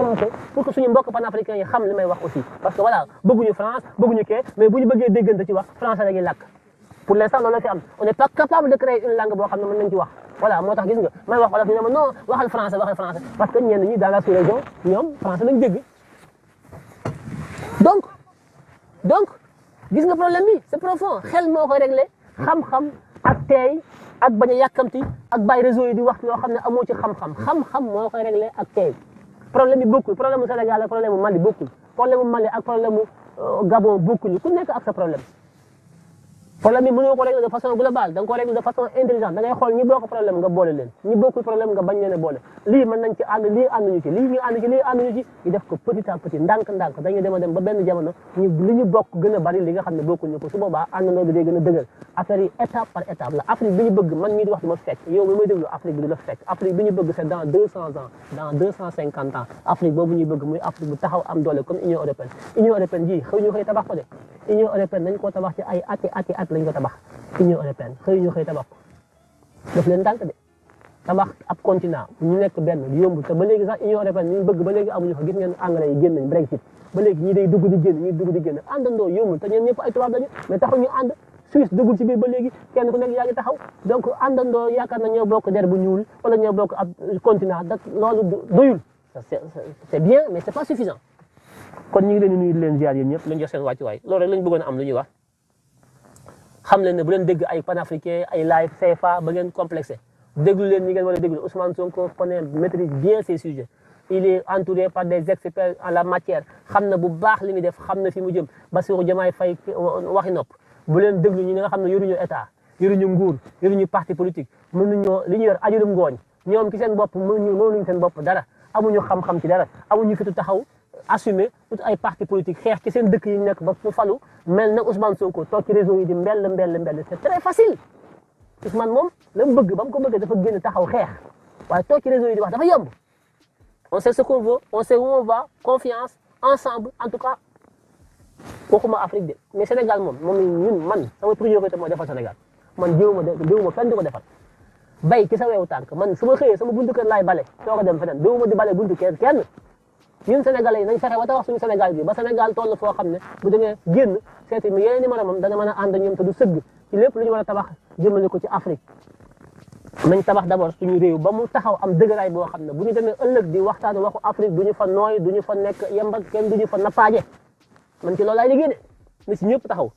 pour que ce suñu mbokk panafricain qui ait le même wax aussi parce que voilà de France de ké mais beaucoup de bëggee Tu vois, France a des ñuy là. pour l'instant on n'est pas capable de créer une langue pour xam ne voilà moi, tax que nga may wax non français parce que ñen ñi dans la sous-région ñom français dégg donc donc gis nga problème c'est profond xel moo koy xam-xam ak ak bañ a ak bàyyi réseau yi di ne amoo ci xam-xam xam-xam ak problème bi problème Sénégal problème Mali problème ak problème euh, Gabon ku nekk ak sa problème problème bi mënoo ko régler de façon globale da ko régler de façon intelligente da ngay xool ñi bokk nga boole leen ñi bokkul problème nga bañ leen boole lii mën nañ ci lii ànduñu ci lii ñu ànd ci lii ànduñu ci ñu def ko petit à petit ndànk-ndànk dañuy dem a dem ba benn jamono ñu li ñu bokk gën a bari li nga xam ne bokkuñu ko su boobaa àndandoo bi day gën a dëgër affaire yi étape par étape la Afrique bi ñu bëgg man mii di wax du ma fekk yow mi at lañ ko tabax union européenne xëy ñu xëy tabax daf leen dànk de tabax ab continent ñu nekk benn yomb te ba léegi sax union européenne ñu bëgg ba léegi amuñu fa gis ngeen anglais yi génn nañ brexit ba léegi ñii day dugg di génn ñii dugg di génn àndandoo yombul te ñoom ñëpp ay tubaab lañu mais taxu ñu ànd Suisse duggul ci biir ba léegi kenn ku nekk yaa ngi taxaw donc àndandoo yaakaar na ñoo bokk der bu ñuul wala ñoo bokk ab continent da loolu doyul c'est c'est bien mais c'est pas suffisant kon ñu ngi leen di nuyu di leen ziar yéen ñëpp lañ jox seen wàccuwaay loolu rek lañ bëggoon a am lu ñuy wax xam leen ne bu leen dégg ay panafricain ay laay CFA ba ngeen complexé déglu leen ñi ngeen war a déglu Ousmane Sonko connaît maîtrise bien ces sujets il est entouré par des experts en la matière xam na bu baax li muy def xam na fi mu jëm Bassirou Diomaye Faye euh, waxi nopp bu leen déglu ñi nga xam ne yoruñu état yoruñu nguur yoruñu parti politique mënuñoo li ñu yor ajurum ngooñ ñoom ki seen bopp mënuñu mënuñu seen bopp dara amuñu xam-xam ci dara amuñu fitu taxaw assumer ut ay parti politique xeex ci seen dëkk yi nekk ba fu falu mel na Ousmane Sonko toog ci réseau yi di mbell mbell mbell c'est très facile Ousmane moom la mu bëgg ba mu ko bëggee dafa génn taxaw xeex waaye toog ci réseau yi di wax dafa yomb on sait ce qu'on veut on sait où on va confiance ensemble en tout cas waxuma Afrique de mais Sénégal moom moom ñun man sama priorité moo defal Sénégal man jiwuma jiwuma kenn di ko defal bay ci sa wewu tànk man su ma xëyee sama buntu kër laay bale soo ko dem feneen jiwuma di bale buntu kenn kenn ñun sénégalais yi nañ fexe ba tabax suñu sénégal bi ba sénégal toll foo xam ne bu demee génn seeti mu yeneen i moromam dana mën a ànd ñoom te du sëgg ci lépp lu ñu war a tabax jëmale ko ci afrique nañ tabax d'abord suñu réew ba mu taxaw am dëgëraay boo xam ne bu ñu demee ëllëg di waxtaan waxu afrique du ñu fa nooy du ñu fa nekk yemb ak kenn du ñu fa nappaaje man ci loolu laay liggéey de na si ñëpp taxaw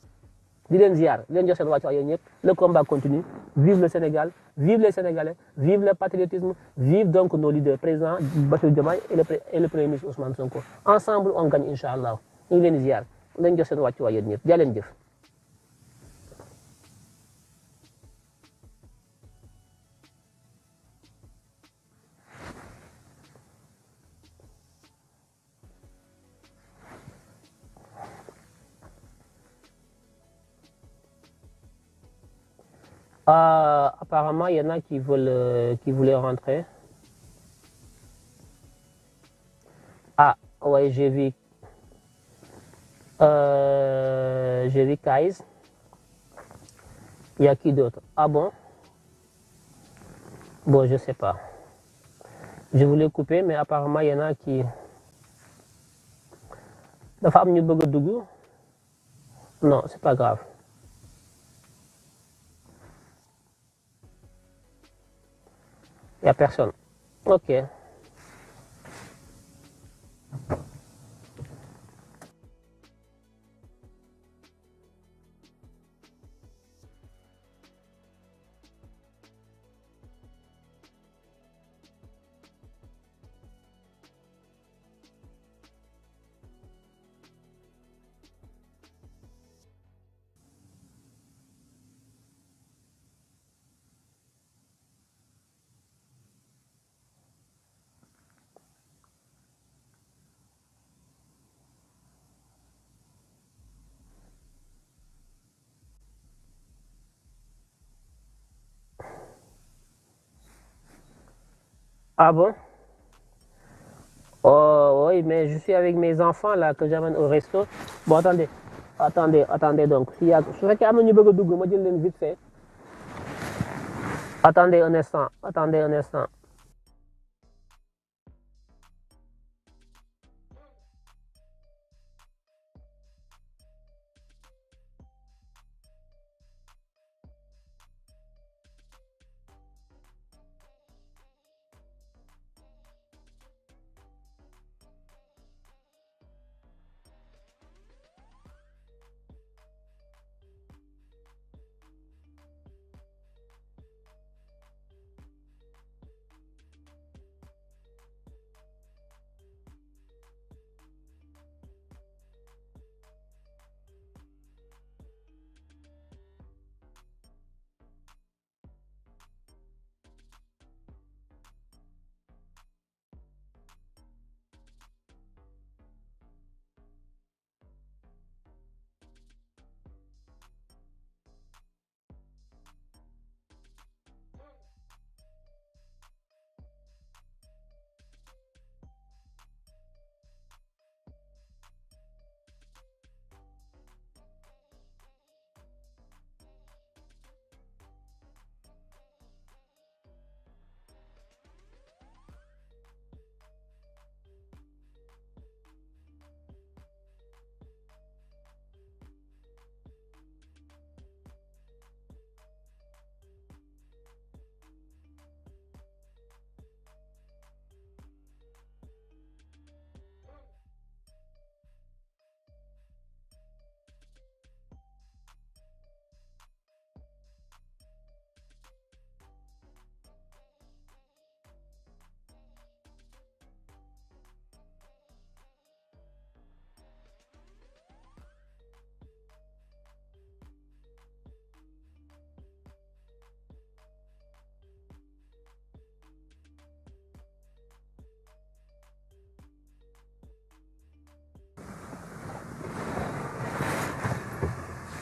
le combat continue vive le Sénégal vive les Sénégalais vive le patriotisme vive donc nos leaders présents, Bassirou Diomaye et le et le premier ministre Ousmane Sonko ensemble on gagne Inch'Allah, il ñu ziar di leen Ah, apparemment, il y en a qui, veulent, euh, qui voulaient rentrer. Ah, ouais, j'ai vu. Euh, j'ai vu Kaiz. Il y a qui d'autre Ah bon Bon, je sais pas. Je voulais couper, mais apparemment, il y en a qui. La femme, dugo Non, c'est pas grave. Il n'y a personne. Ok. Ah bon Oh oui, mais je suis avec mes enfants là que j'amène au resto. Bon, attendez, attendez, attendez donc. Je sais qu'il y a un peu de Moi je vite fait. Attendez un instant, attendez un instant.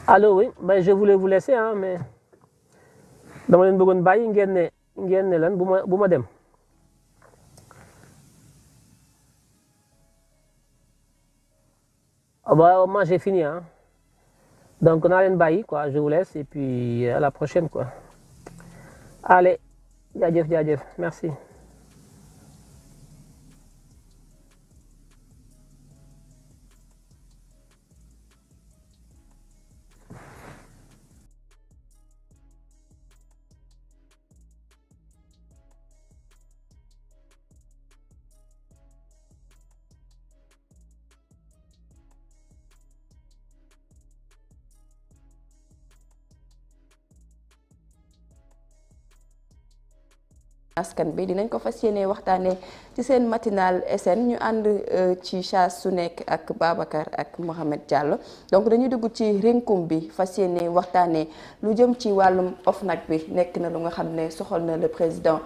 allo oui ben je voulais vous laisser hein, mais dans mon bëggoon bàyyi ngeen ne lan madame. ma dem. Ah bah moi j'ai fini hein. donc on a une bàyyi quoi je vous laisse et puis à la prochaine quoi. allez jaajëf jaajëf merci. askan bi dinañ ko fas yéene waxtaanee ci seen matinal SN ñu ànd euh, ci Cha su nekk ak Babacar ak Mohamed Diallo donc dañuy dugg ci rénkum bi fas yéene waxtaanee lu jëm ci wàllum OFNAC bi nekk na lu nga xam ne soxal na le président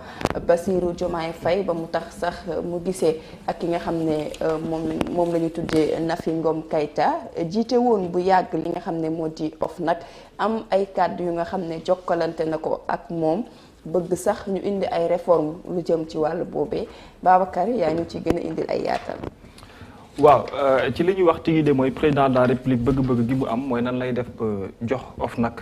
Bassirou Diomaye fay ba mu tax sax mu gisee ak ki nga xam ne euh, moom moom la ñu tuddee Nafi Ngom Keïta jiite woon bu yàgg li nga xam ne moo di OFNAC am ay kàddu yu nga xam ne jokkalante na ko ak moom. bëgg sax ñu indi ay réforme lu jëm ci wàllu boobee Babacar yaa ñu ci gën a indi ay yaatal. waaw euh, ci li ñuy wax tigi de mooy président de la bëgg-bëgg gi mu am mooy nan lay def jox nag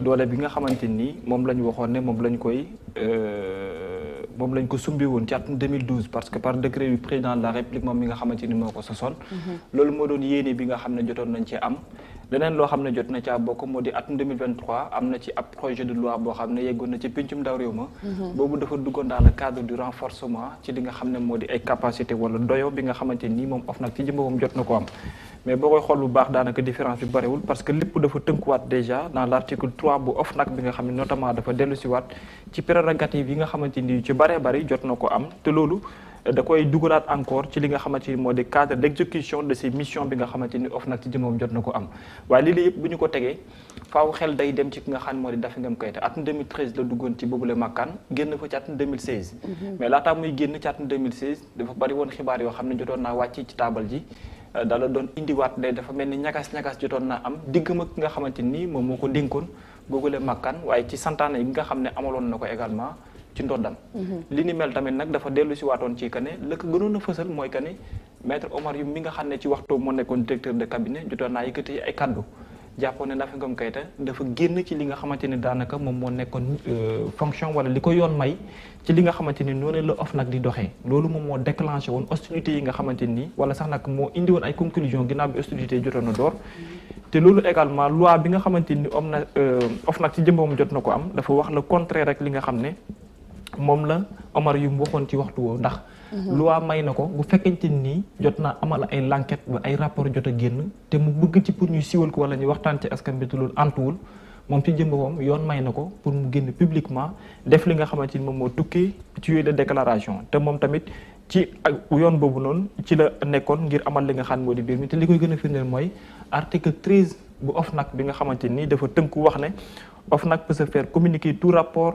doole bi nga xamante nii moom la ñu waxoon ne moom lañ koy euh, moom lañ ko sumbi woon ci atum 2012 parce que par décret yu président de la moom mi nga xamante ni moo ko sosoon. Mm-hmm. loolu moo doon yéene bi nga xam ne jotoon nañ ci am. leneen loo xam ne jot na caa bokk moo di atum 2023 am na ci boo xam ne yeggoon na ci pincum ndaw réew ma mhm. boobu dafa duggoon dans le cadre du renforcement ci li nga xam ne moo di ay capacité wala doyo bi nga xamante nii moom of nag ci jëmboom jot na ko am mais boo koy xool bu baax daanaka différence bi bariwul parce que lépp dafa tënkuwaat déjà dans l' article 3 bu OFNAC bi nga xam ne notamment dafa dellusiwaat ci prérogatives ci baree bari jot na ko da koy dugalaat encore ci li nga xamante ni moo di cadre d' de ces missions bi nga xamante ni of nag ci jëmmam jot na ko am waaye lii la yëpp bu ñu ko tegee faaw xel day dem ci ki nga xam moo di mhm. ne jotoon naa euh, ni ñagas-ñagas jotoon naa am diggam ak ki nga xamante ni moom moo ko dénkoon boobule màkkaan waaye ci santaane yi nga xam ne amaloon na ko également ci ndoddam mhm. li ni mel tamit nag dafa dellu si waatoon ci kane la ko gënoon a fësal mooy kane maître Omar Youm li nga xamante ni euh, yoon may ci li nga xamante ni noonu la of nag di doxee loolu moom moo déclenché woon hostilité yi nga xamante ni wala sax nag moo indi woon ay conclusion ginnaaw bi hostilité yi jotoon na door te loolu également loi bi nga xamante ni om nag euh, ci jëmbam jot na ko am dafa wax le contraire rek li nga xam ne moom la Omar yu mu waxoon ci waxtu woo ndax. Mhm. lu waa may na ko bu fekkente nii jot naa amal ay enquête ba ay rapport jot a génn te mu bëgg ci pour ñu siiwal ko wala ñu waxtaan ci askan bi te loolu antuwul moom ci jëm boppam yoon may na ko pour mu génn publiquement def li nga xamante ni moom moo tukkee ci yooyu te moom tamit ci ak yoon boobu noonu ci la nekkoon ngir amal li nga xam moo di biir mi te li koy gën a firndeel mooy article 13 bu nag bi nga xamante nii dafa tënku wax ne OFNAC peut se faire communiquer tout rapport.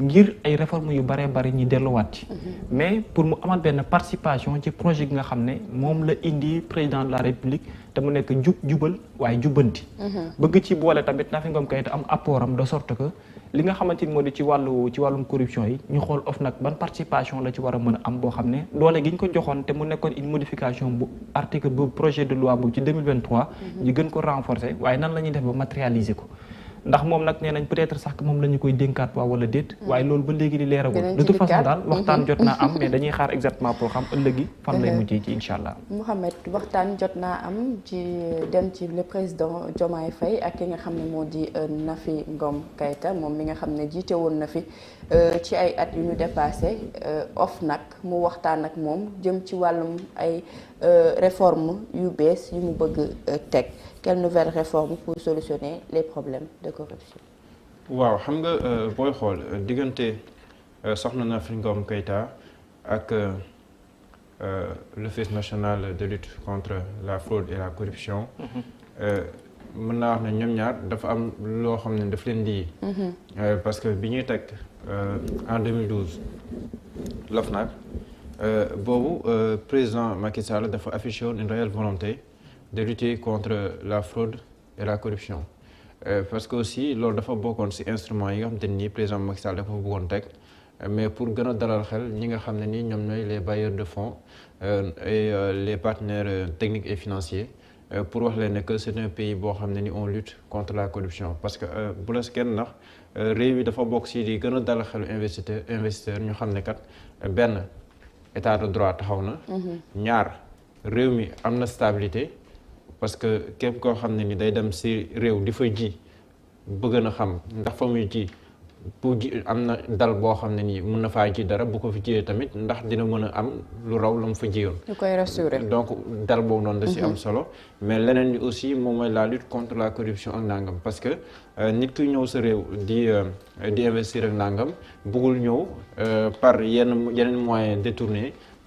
ngir ay réformes yu bare bare ñi delluwaat ci. Mhm. mais pour mu amaat ben participation ci projet bi nga xamné mom la indi président de la république da mu nekk jub jubal waaye jubanti mhm. bëgg ci bolé tamit Nafi Ngom Keïta am apport am de sorte que li nga xamante modi ci walu ci walum corruption yi ñu xol of nak ban participation la ci wara a am bo xamné doolé giñ ko joxoon té mu nekkoon une modification bu article bu projet de loi bu ci 2023. Mhm. ñu gën ko renforcer waye nan lañuy ñuy def ba matérialiser ko. ndax moom nag nee nañ peut-être sax moom la ñu koy dénkaat waa wala déet mm. waaye loolu ba léegi di leeragul de toute façon daal mm-hmm. waxtaan jot naa am mais dañuy xaar exactement pour xam ëllëgi fan lay mm-hmm. mujjee ci incha allah Mouhamed waxtaan jot naa am ci dem ci le président Diomaye ak ki nga xam ne moo euh, na fi Ngom Keïta moom mi nga xam ne jiite woon na fi euh, ci ay at yu ñu dépassé euh, of nag mu waxtaan ak moom jëm ci wàllum ay réforme yu bees yu mu bëgg teg quelle nouvelle réforme pour solutionner les problèmes de corruption waaw xam nga euh, booy xool euh, diggante euh, soxna Nafi Ngom Keïta ak l'office national de lutte contre la fraude et la corruption mhm. mën naa wax ne ñoom ñaar dafa mhm. parce que en 2012 l'OFNAC euh, président Macky Sall dafa affiché une réelle volonté de lutter contre la fraude et la corruption euh, parce que aussi lors dafa ces instruments, instruments yi nga des te qui président Macky Sall euh, mais pour gagner a dalal xel ñi nga les bailleurs de fonds euh, et les partenaires techniques et financiers pour wax leen que c'est un pays qui on lutte contre la corruption parce que pour la kenn nax réew yi dafa ci a dalal xelu investiteur investisseur état de droit nous avons une stabilité parce que képp koo xam ne ni day dem si réew di fa ji bëgg na xam ndax fa muy ji pour ji am na dal boo xam ne nii mun na faa ji dara bu ko fi jiyee tamit ndax dina mën a am lu raw la mu fa jiyoon. ñu koy donc dal boobu noonu da si am mhm. solo. mais leneen li aussi moom mooy la lutte contre la corruption ak nangam parce que euh, nit ku ñëw sa réew di euh, di investir ak nangam buggul ñëw euh, par yenn yeneen moyen détourné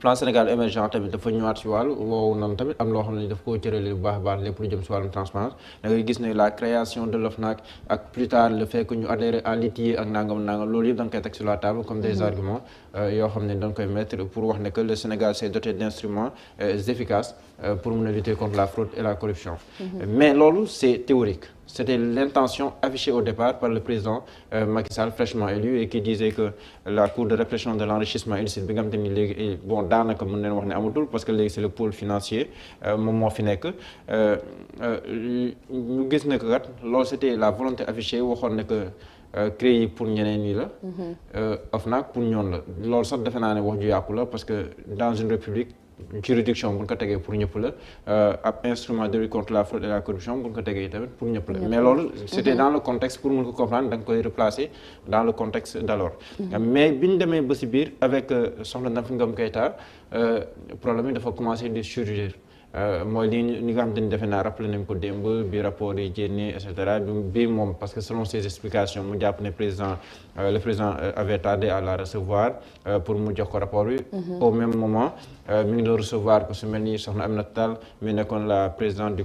plan Sénégal émergent tamit dafa ñëwaat ci walu woowu noonu tamit am loo xam ne daf koo cërale bu baax baax lépp lu jëm si wàllum transparence da ngay gis ne la création de l'OFNAC ak plus tard le fait que ñu adhéré à l'ITIE ak nangam nangam loolu yëpp da nga koy teg sur la table comme des mm-hmm. arguments euh, yoo xam ne dañ koy mettre pour wax ne que le Sénégal s'est doté d'instruments euh, efficaces euh, pour mën a lutter contre la fraude et la corruption mm-hmm. mais loolu c'est théorique c'était l'intention affichée au départ par le président euh, Macky Sall, fraîchement élu, et qui disait que la Cour de répression de l'enrichissement illicite, bon on parce que c'est le pôle financier euh, moment moo fi nous euh, ñu que c'était la volonté affichée waxoon ne que créé pour nous, ñi la. que mm-hmm. pour ñoon la loolu sax defe naa parce que dans une république juridiction pour ko pour ñëpp la euh, instrument de lutte contre la fraude et la corruption pour ne pour ñëpp mais alors, c'était mm-hmm. dans le contexte pour nous ko comprendre donc on koy replacer dans le contexte d'alors mm-hmm. mais bien de mes besoins biir avec euh, soxna Nafi Ngom le euh, problème yi problème de di surgir Moi li li nga xam te ni defe des rappelé nañ ko démb bi rapport yi etc. et parce que selon ces explications mu le président avait tardé à la recevoir pour mu jox ko rapport mm-hmm. au même moment euh, mi ngi doon recevoir ku si mel ni soxna Aminata Tall mi nekkoon la présidente du